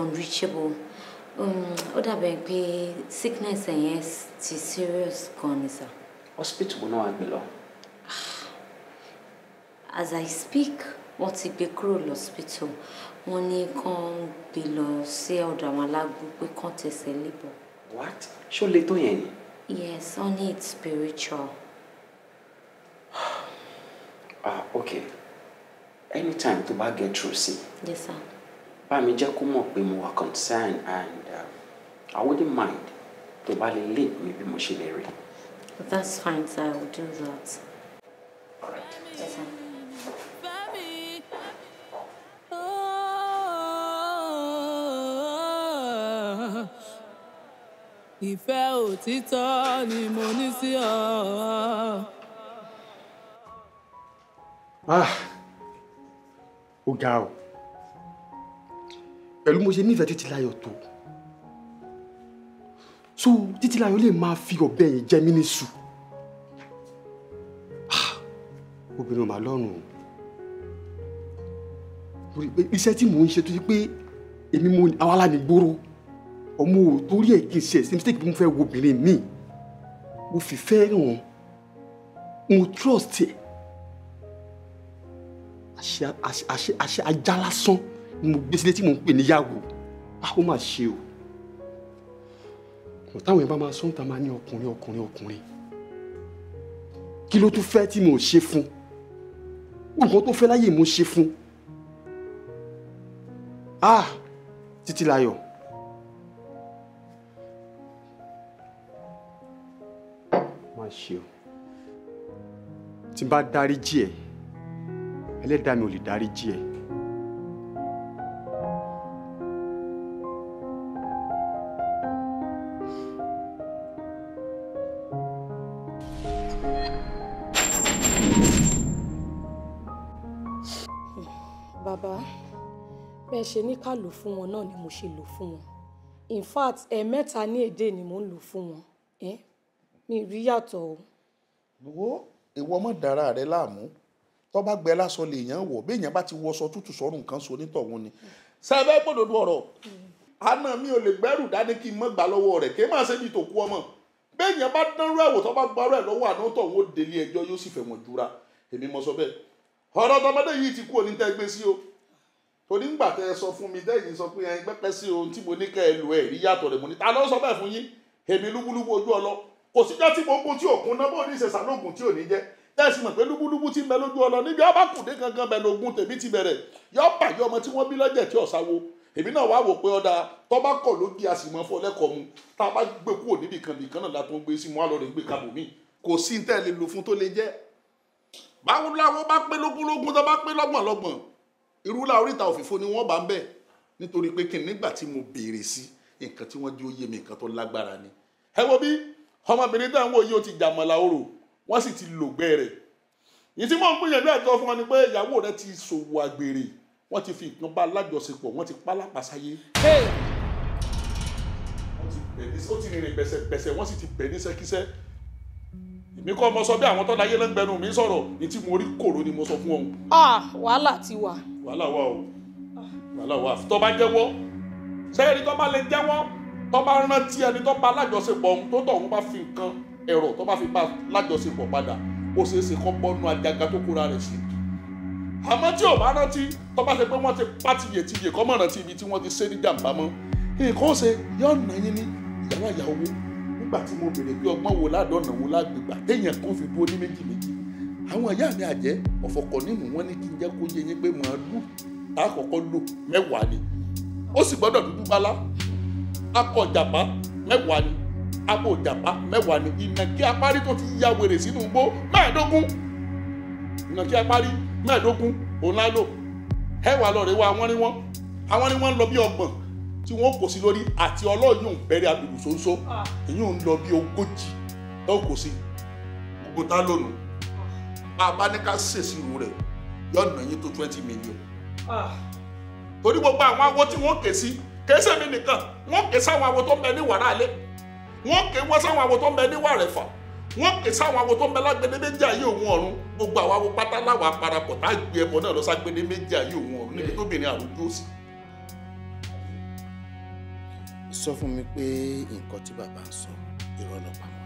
unreachable um, ó dàbẹ̀ pé sickness yes, ti serious kan sir. hospital náà wà gbé as i speak wọ́n ti gbé cruel hospital. wọ́n ní kán gbé lọ sí ọ̀dọ̀ àwọn alágbó pé kán what ṣó le tó Yes, only it's spiritual. ah, okay. Anytime to bag get through see. Yes, sir. But me just come up pé more wà concerned and uh, I wouldn't mind to bá lè lead mi bí mo That's fine, sir. I will do that. All right. Yes, sir. ìfẹ́ òtítọ́ ni mo ní sí ọ. Ah, ó ga ọ pẹ̀lú mo ṣe nífẹ̀ẹ́ títí láyọ̀ tó so títí láyọ̀ lè máa fi ọ̀bẹ yẹn jẹ mí ní sù ah, obìnrin ò máa lọ́rùn o iṣẹ́ tí mò ń ṣe tó ṣe pé èmi mo àwọn alámi gbòòrò ọmọ ò torí ẹ̀ kí n ṣe ẹ̀sìn mistake bí mo fẹ́ wo obìnrin mi mo fi fẹ́ ràn mo trust ẹ̀ àṣẹ ajá lásán ni mo gbé sílé tí mo ń pè níyàwó ó mà ṣe o kò táwọn yẹn bá máa sọ́ńtà máa ní ọkùnrin ọkùnrin ọkùnrin kí ló tún fẹ́ tí mo ṣe fún nǹkan tó fẹ́ láyè mo ṣe fún ah títí láyọ̀. máa ṣe o tí n bá dáríjì ẹ ẹlẹ́dàá mi ò lè dáríjì ẹ. bàbá bẹ́ẹ̀ ṣe ní ká lò fún wọn náà ni mo ṣe lò fún wọn in fact ẹ̀ẹ̀mẹ́ta ní èdè ni mo ń lò fún wọn mi rí yàtọ̀ o. wo ìwọ mọ̀ dára rẹ láàmú tó bá gbẹ lásán lèèyàn wọ̀ béèyàn bá ti wọṣọ tútù sọ́rùn kan so nítọ̀hún ni sẹ́fẹ́ gbòdòdó ọ̀rọ̀ àna mi ò lè gbẹ́rù dání kí n mọ́ gbà lọ́wọ́ rẹ̀ kí n máa ṣe bí tòkú ọmọ béèyàn bá dánrú ẹ̀wò tó bá gbarú ẹ̀ lọ́wọ́ àná tọ̀hún ó délé ẹjọ́ yóò sì fẹ̀wọ̀n jura èmi mọ sọ bẹ́ẹ̀ ọ̀rọ̀ tọmọdé yìí ti kú òní tẹ́ gbé sí o torí ńgbà tẹ́ ẹ sọ fún mi tẹ́yìn sọ pé ẹyin pẹ́pẹ́ sí ohun tí mo ní kẹ́ ẹ lò ẹ̀ rí yàtọ̀ rẹ̀ mo ní ta ló sọ bẹ́ẹ̀ fún yín èmi lúbúlúbú ojú ọlọ́ kò síjọ́ tí gbogbo tí òkun náà bó ní ṣe sàlógún tí ò ní jẹ́ tẹ́sí mọ̀ pé lúbúlúbú ti ń bẹ lójú ọlọ níbi abákùdé gangan bẹ lógún tèmi ti bẹ̀rẹ̀ yọ pàjọ́ ọmọ tí wọ́n bí lọ́jẹ̀ tí ọ̀sá wo èmi náà wá wò pé ọ̀dà tọ́ba kọ̀ ló di àsìmọ́ fún ọlẹ́kọ̀ọ́ mu tá a bá gbé kúrò níbi kan nìkan náà látọ̀ ń gbé sí mu alọ́ rẹ̀ ń gbé kábò mí kò sí ní tẹ́lẹ̀ lu fún tó lè jẹ́ báwo làwọn mo béèrè sí nǹkan tí wọ́n jẹ́ ó yé mi nǹkan tó lágbára ni ẹ wo bí ọmọbìnrin tá à ń wò yìí ó ti jàmọ̀lá orò wọ́n sì ti lògbẹ́ rẹ̀ ìtí mò ń gbìyànjú àtọ́ fún ọ ni pé ìyàwó rẹ ti ṣòwò àgbèrè wọ́n ti fi nǹkan bá alájọṣepọ̀ wọ́n ti pálápàsáyé ó ti rìnrìn pẹ̀sẹ̀pẹ̀sẹ̀ wọ́n sì ti bẹ̀ ní sẹ́kísẹ́ èmi kọ́ ọmọ sọ bí àwọn tọ́lá ayé lẹ́gbẹ̀ẹ́nu mi sọ̀rọ̀ ní tí mo rí kòrò ni mo sọ fún ọ̀hún. ah wàhálà ti wà. wàhálà wà o wàhálà wà tó bá jẹ́wọ́ sẹ́yìn tó bá lè jẹ́wọ́ tó bá rántí ẹni tó bá lájọṣepọ̀ ohun tó tọ̀hún bá fi nǹkan ẹ̀rọ tó bá fi bá lájọṣepọ̀ padà ó ṣeé ṣe kọ́ bọ́nu àjàgà tó kóra rẹ̀ sí. àmọ́ tí ò bá rántí tó bá ṣe pé wọ́n ti pa tiyètiyè kọ́ mọ̀ rántí ibi tí wọ́n ti ṣe ní jàǹbá mọ́ nǹkan ṣe yóò nà yín ní ìyàwó àyàwó nígbà tí mo bèrè pé ọgbọ́n wo ládọ́nà wo lágbègbà téèyàn kan fi dúró ní méjì méjì àwọn ìyá mi àjẹ́ ọ̀fọ̀kọ̀ nínú wọn ní kí n jẹ́ kó yé yín pé màá lù tá àkọ́kọ́ lò mẹ́wàá ni ó sì gbọ́dọ̀ dúdú bálá akọ ìjàpá mẹ́wàá ni abo ìjàpá mẹ́wàá ni ìnàkí apárí tó ti ya wèrè sínú igbó mẹ́ẹ̀ẹ́dógún ìnàkí apárí mẹ́ẹ̀ẹ́dógún òun náà lò ẹwà lọ́ọ̀rẹ́ wa wọ́n ní wọ́n àwọn ni wọ́n ń lọ bí ọgbọ̀n tí wọ́n kò sí lórí àti ọlọ́yún bẹ̀rẹ̀ àbùkù ṣoṣo èyí ń lọ bí ogójì ẹ kò sí gbogbo tá lónìí bá a bá ní ká ṣèṣirò rẹ̀ yọ̀ọ̀nà yín tó twenty million ah. torí gbogbo àwọn awọ tí wọ́n kè sí kẹsẹ̀ mi nìkan wọ́n ké sáwọn awo tó ń bẹ ní wàrà alẹ́ wọ́n ké wọ́n sáwọn awo tó ń bẹ ní wàrà ẹ̀fà wọ́n ké sáwọn awo tó ń bẹ lágbẹ́dẹ́ méjì ayé òun ọ̀run gbogbo àwọn awo pátá láwọn aparapọ̀ tá a gbé ẹbọ náà lọ ságbẹ́dẹ́ méjì ayé òun ọ̀run níbi tóbìnrin àrùjọ sí. sọ fún mi pé nǹkan tí bàbá ń sọ irọ́ ló pa mọ́.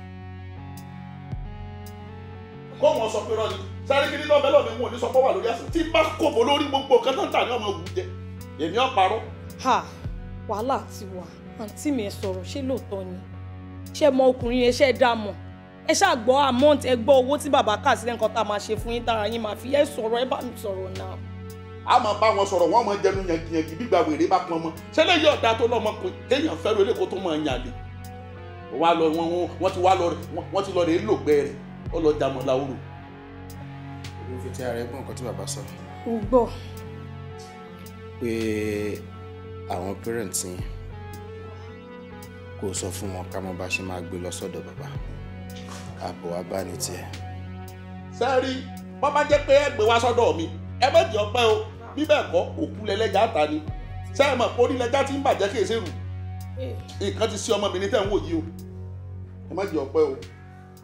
kó wọn sọ pé rọ́ọ̀lì sáré kiri náà bẹ́ẹ̀ wọn ò ní sọ pé wà àṣẹ tí bá kòbó wàhálà ti wà àǹtí mi ẹ sọ̀rọ̀ ṣé lóòótọ́ ni ṣé mọ ọkùnrin yẹn ṣe dá mọ̀ ẹ ṣáà gbọ́ amount ẹ gbọ́ owó tí bàbá kà sílẹ̀ nǹkan tá a máa ṣe fún yín tára yín máa fi ẹ sọ̀rọ̀ ẹ bá mi sọ̀rọ̀ náà. a máa bá wọn sọ̀rọ̀ wọ́n máa jẹnu yankiyanki bí gbàgbére bá pọn mọ́ ṣẹlẹ̀ yóò dá tó lọ́mọ pé kéèyàn fẹ́ lórí kó tó máa yàn lè wọ́n ti wá lọ wọ́n ti lọ rè é lògbẹ́ rẹ̀ ó lọ jàmọ̀ láwùrọ̀. olùfẹ́ tí ara ẹ gbọ́ nǹkan tí bàbá sọ. n pé àwọn parents yín kó sọ fún wọn ká mọ bá ṣe máa gbé lọ sọ́dọ̀ bàbá àbọ̀ wá bá ní tiẹ̀. sẹ́rí bọ́ bá jẹ́ pé ẹ gbé wá sọ́dọ̀ mi ẹ má jẹ́ ọpẹ́ o bí bẹ́ẹ̀ kọ́ òkú lẹ́lẹ́jà ta ni sẹ́ẹ̀ mọ̀ kó nílẹ̀ já ti ń bàjẹ́ kí èsè rù eh. nǹkan ti sí ọmọ mi ní tẹ̀ ń wò yìí o ẹ má jẹ́ ọpẹ́ o.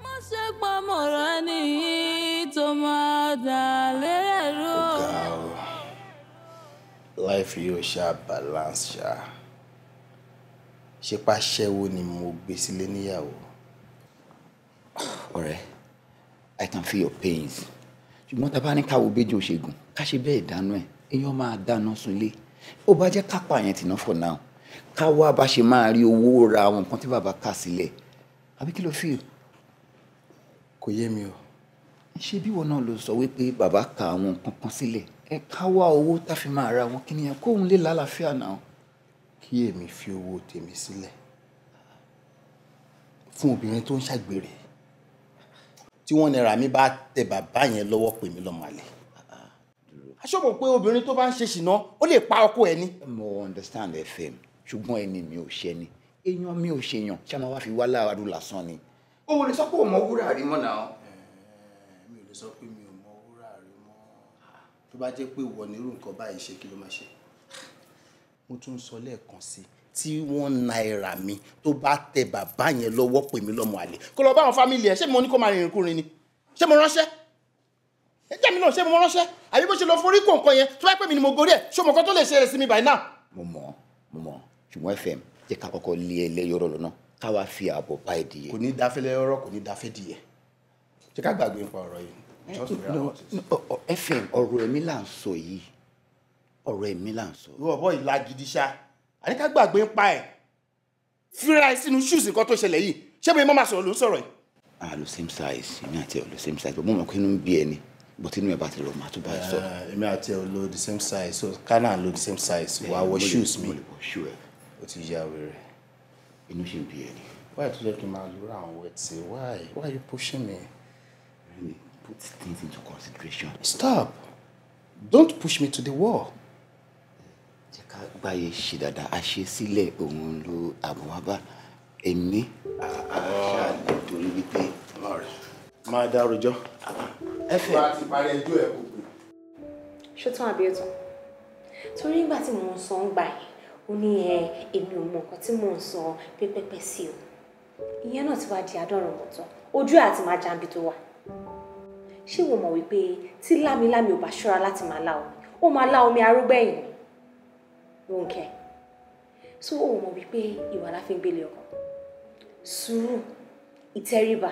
mo ṣe pamọ́ra ní tó máa dà lérò. ó life yóò ṣáà balance ṣáà ṣe pàṣẹwó ni mo gbé sílé níyàwó. ọ̀rẹ́ i can feel your pains ṣùgbọ́n tá a bá ní káwo bẹ́jọ òṣègùn ká ṣe bẹ́ẹ̀ dáná ẹ̀ èèyàn máa dáná sunlé ó bá jẹ́ kápá yẹn tì náà for now ká wá bá ṣe máa rí owó ra àwọn nǹkan tí bàbá kà sílẹ̀ àbí kí ló fi. kò yé mi o. ṣé bí wọn náà ló sọ wípé bàbá ka àwọn nǹkan kan sílẹ̀ ẹ ká wá owó tá fi máa ra àwọn kìnìyàn kóun lè lálàáfíà náà kí èmi fi owó tèmi sílẹ̀ fún obìnrin tó ń ṣàgbèrè tí wọ́n nira mi bá tẹ bàbá yẹn lọ́wọ́ pè mí lọ́mọ àlè. aṣọ́bọ̀ pé obìnrin tó bá ń ṣe ṣìnà ó lè pa ọkọ ẹni. mo understand fm ṣùgbọ́n ẹni mi ò ṣẹni èèyàn mi ò ṣèyàn ṣé máa wá fi wá láàárọ̀ lásán ni. o ò lè sọ pé o mọ rí mọ́ náà. mi ò lè sọ pé mi bá jẹ́ pé ìwọ nírú nǹkan báyìí ṣe kí ló máa ṣe. mo tún ń sọ lẹ́ẹ̀kan sí tí wọ́n náírà mi tó bá tẹ bàbá yẹn lọ́wọ́ pè mí lọ́mọ àlè kó lọ bá àwọn fámìlì ẹ̀ ṣé mo ní kó máa rìnrìn kúrin ni ṣé mo ránṣẹ́ ẹ jẹ́ mi náà ṣé mo ránṣẹ́ àbí bó ṣe lọ forí kò nǹkan yẹn tó bá pè mí ni mo gorí ẹ̀ ṣé mo kọ́ tó lè ṣe rẹ̀ sí mi by now. mo mọ mo mọ ṣùgbọ́n fm jẹ́ ká kọ́kọ́ lé ẹ lẹ́yọrọ lọ́nà káwa fi ààbò bá ẹ dìye. kò ní dáfẹ́ lẹ́yọrọ kò ní dáfẹ́ dìye ṣé ká gbàgbé nípa ọ̀rọ̀ yìí Eh, just realities. Oh, oh, fm ọ̀rọ̀ ẹ̀mí là ń sọ yìí ọ̀rọ̀ ẹ̀mí là ń sọ. ìwọ bọ́ ìlà gidi ṣá àníká gbàgbé ń pa ẹ̀ fíra ẹ sínú shoes nǹkan tó ṣẹlẹ̀ yìí ṣé bẹ́ẹ̀ mọ́ máa sọ̀rọ̀ ló ń sọ̀rọ̀ yìí. a lo same size èmi àti ẹ lo same size mo mọ̀ pé inú ń bí ẹni bó tinú ẹ bá ti lọ màá tún bá ẹ sọ. Eh, èmi àti ẹ lo the same size so kánà lo the same size eh, wàá wọ shoes mi o ti ya wẹrẹ. inú ṣe ń bí ẹni. why tó jẹ́ kí n máa lura àwọn wet say why why you pushing me put things into consideration. Stop! Don't push me to the wall. Jẹ́ ká gbáyé ṣe dáadáa, àṣesílẹ̀ òun ló àbúwábá èmi àṣàlẹ̀ torí wípé. Máa dá rojọ́. Ẹ fẹ́. Bá a ti parí ẹjọ́ ẹ̀ kò gbé. Ṣé tán àbí Torí nígbà tí mò ń sọ ń gbà yìí, ó ní ẹ èmi ò mọ nǹkan tí mò ń sọ pépépé sí o. Ìyẹn náà ti wá di adọ́rùn-ún mọ̀tọ́. Ojú ẹ̀ àti máa jàǹbí tó wà ṣé wo mọ̀ wípé tí lámilámi ò bá ṣọ́ra láti máa lá omi ó máa lá omi arúgbẹ̀yìn Ronke so ó mọ̀ wípé ìwà la fi ń gbélé ọkọ sùúrù ìtẹríba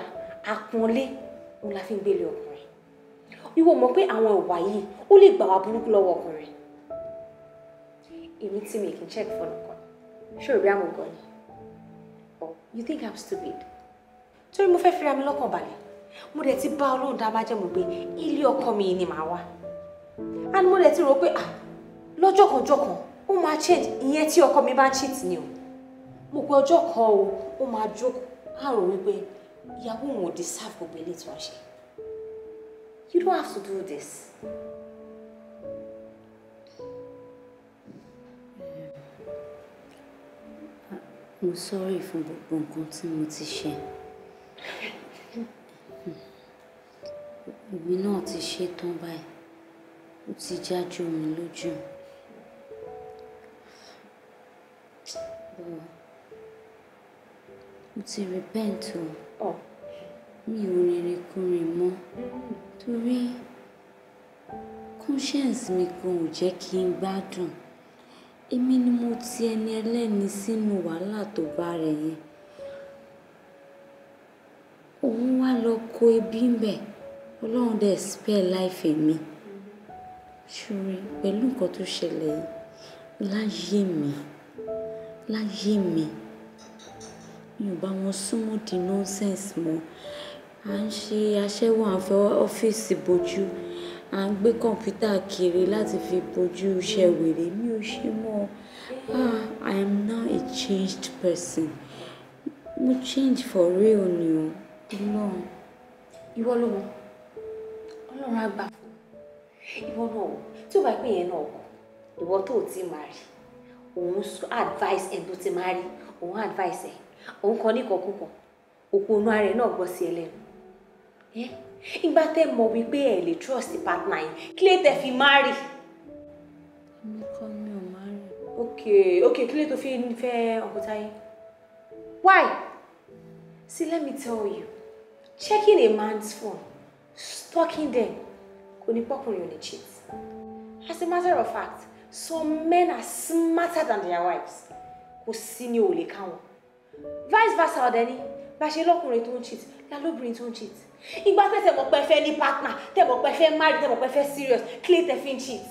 àpọ́nlé òun la fi ń gbélé ọkùnrin ìwọ mọ̀ pé àwọn ìwà yìí ó lè gbà wá burúkú lọ́wọ́ ọkùnrin èmi tí mi kì í check fọ́nà kan ṣé òbí àmọ̀ gan ni oh you think I'm stupid torí mo fẹ́ fira mi lọ́kàn balẹ̀ mo dẹ̀ ti bá ọlọ́run dá májẹ̀mú pé ilé ọkọ mi ni màá wá and mo dẹ̀ ti rò pé ah lọ́jọ́ kan jọ́ kan ó máa change ìyẹn tí ọkọ mi bá ń cheat ni o mo pe ọjọ́ kan o ó máa jókòó á wípé ìyàwó òun ò deserve gbogbo ilé tí wọ́n ṣe you don't have to do this. mo sọ́rí fún gbogbo nǹkan tí mo ti ṣe. Èmi náà ti ṣe tán báyìí. Ó ti jájú mi lójú. Bọ̀, mo ti repent o. Mi ò rìnrìn kurìn mọ́ torí conscience mi gan ò jẹ́ kí n gbádùn. Èmi ni mo ti ẹni ẹlẹ́ni sínú wàhálà tó bá rẹ̀ yẹn. Òun wá lọ ko ẹbí ń bẹ̀ ọlọ́run dẹ̀ spare life mi ṣùgbọ́n pẹ̀lú nǹkan tó ṣẹlẹ̀ yìí láyé mi láyé mi mi ò bá wọn súnmọ́ di nonsense mọ́ à ń ṣe aṣẹ́wó à ń fẹ́ ọ́fíìsì bojú à ń gbé kọ̀ǹpútà kiri láti fi bojú iṣẹ́ wèrè mi ò ṣe mọ́ ah I am now a changed person mo change for real ni o. ìwọ ló mọ ọlọ́run àgbà fún ìwọ náà tí ó bá pè yẹn náà kù ìwọ tó ti máa rí òun advice ẹ̀ tó ti máa rí òun advice ẹ̀ òun kan níkọ̀ọ́kùnkàn òpònú ara ẹ̀ náà gbọ́ sí ẹ lẹ́nu ìgbà tẹ́ mọ̀ wípé ẹ lè trust partner yìí kí lè tẹ́ fi máa rí. mi kọ́ mi ò máa rí. ok ok kí lè tó fi fẹ́ ọ̀pọ̀ta yìí why see let me tell you checking a man's phone stalking them kò ní pọ́kùnrin ò ní cheat as a matter of fact some men are smarter than their wives kò sí ní òòlè káwọn vice versa ọ̀dẹ̀ But she ṣe lọ́kùnrin tó ń cheat la lóbìnrin brings ń cheat ìgbà tẹ́ tẹ́ mọ̀ pé fẹ́ partner They mọ̀ pé fẹ́ marry tẹ́ mọ̀ pé fẹ́ serious clay tẹ́ fin cheat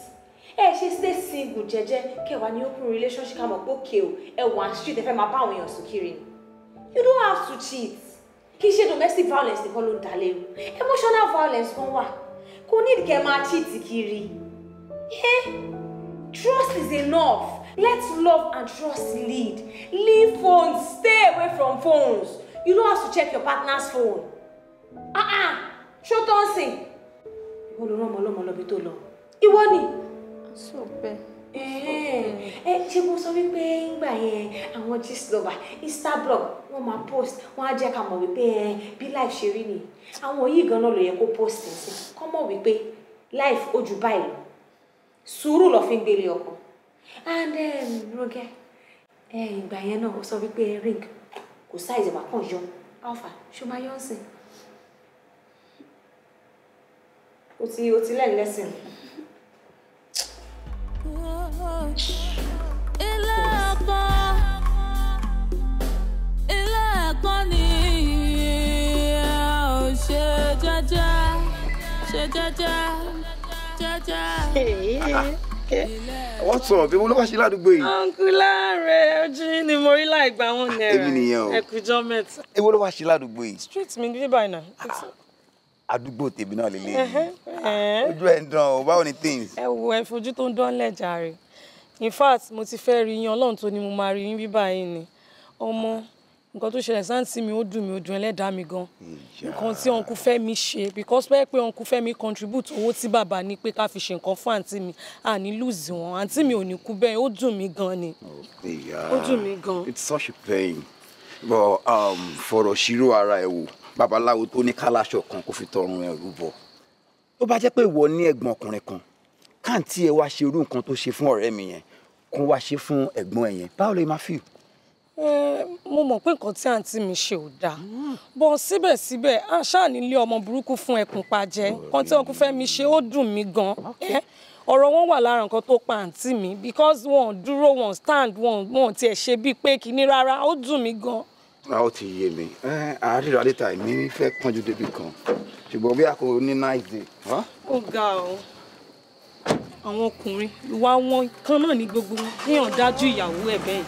Eh, she stay single jẹ́jẹ́ kẹwàá ní open relationship ká mọ̀ pé òkè o ẹ wà street ẹ fẹ́ máa bá àwọn èèyàn sùn you don't have to cheat kì í ṣe domestic violence nìkan ló ń dalẹ̀ o emotional violence kan wà kò ní ìdíkẹ́ máa cheat kiri yeah. trust is enough let love and trust lead leave phones stay away from phones you don't have to check your partner's phone ah ah ṣó tó ń sìn ìwọ ló rán ọmọ ọlọ́mọ lọ bí tó lọ ìwọ ni. sọ bẹ́ẹ̀ ẹ eh, eh, ṣé mo sọ wípé ńgbà yẹn àwọn gist lover instablog wọn máa post wọn á jẹ́ ká mọ̀ wípé ẹ eh, bí life ṣe rí ni àwọn yìí ganan ló yẹ kó post ẹ sí kọ́ mọ̀ wípé life ó ju báyìí lọ sùúrù lọ fi ń gbélé ọkọ and um, Roge ìgbà yẹn náà ó sọ wípé ring kò size wà kàn yọ alpha ṣó máa yọ ọ́ sìn ó ti ó ti lẹ́yìn lẹ́sìn ilé ẹ̀gbọ́n ilé ẹ̀gbọ́n ni ò ṣe jẹ́jẹ́ ṣe jẹ́jẹ́ jẹ́jẹ́ wọ́n sọ bí mo ló wá ṣe ládùúgbò yìí. ọ̀nkúlá rẹ̀ ojú ni mo rí láì gba wọn náírà. èmi nìyẹn o ẹkùjọ mẹ́ta. èwo ló wá ṣe ládùúgbò yìí. street mi ní báyìí náà. Ah, àdúgbò tèmi náà lélẹ́yìn. ojú ẹ̀ ń dán o báwo ni things. ẹ wo ẹ fojú tó ń dán lẹ́jà rẹ̀ in fact mo ti fẹ́ rí yín ọlọ́run tó ní mo máa rí yín bí báyìí ni ọmọ nǹkan tó ṣẹlẹ̀ sáǹtì mi ó dùn mí ó dùn ẹlẹ́dàá mi gan nǹkan tí ọ̀nkú fẹ́ mi ṣe because pé pé ọ̀nkú fẹ́ mi contribute owó tí bàbá ní pé ká fi ṣe nǹkan fún àǹtí mi àní lùzì wọn àǹtí mi ò ní kú bẹ́ẹ̀ ó dùn mí gan ni oh, ó dùn mí gan. it's such a pain but um, fọ̀rọ̀ ṣírò ara ẹ̀ wò babaláwo tó ní káláṣọ kan kò fi tọrùn ẹ̀rú bọ̀ tó bá jẹ́ pé ìwọ ní ẹ̀gbọ́n ọkùnrin kan káǹtì ẹ wá ṣe irú nǹkan tó ṣe fún ọ̀rẹ́ mi yẹn kó wá ṣe fún ẹ̀gbọ́n ẹ yẹn báwo lè máa feel. mo mọ̀ pé nǹkan tí àǹtí mi ṣe ò dáa hmm. bọ́ síbẹ̀síbẹ̀ àṣà nílé ọmọ burúkú fún ẹkùn pàjẹ́ kan tí wọn kò fẹ́ mi ṣe ó dùn mí gan ọ̀rọ̀ wọn wà lára nǹkan tó pa àǹtí mi because wọn dúró wọn stand wọn wọn tiẹ̀ ṣe bíi pé kínní rárá ó dùn mí gan-an a ó ti yé mi àárín ìrọ̀lẹ́ta èmi fẹ́ kánjú débi kan ṣùgbọ́n bí a kò ní náà ìdè. ó ga o àwọn ọkùnrin ìwà wọn kan náà ní gbogbo wọn níyàn dájú ìyàwó ẹ̀ bẹ́ẹ̀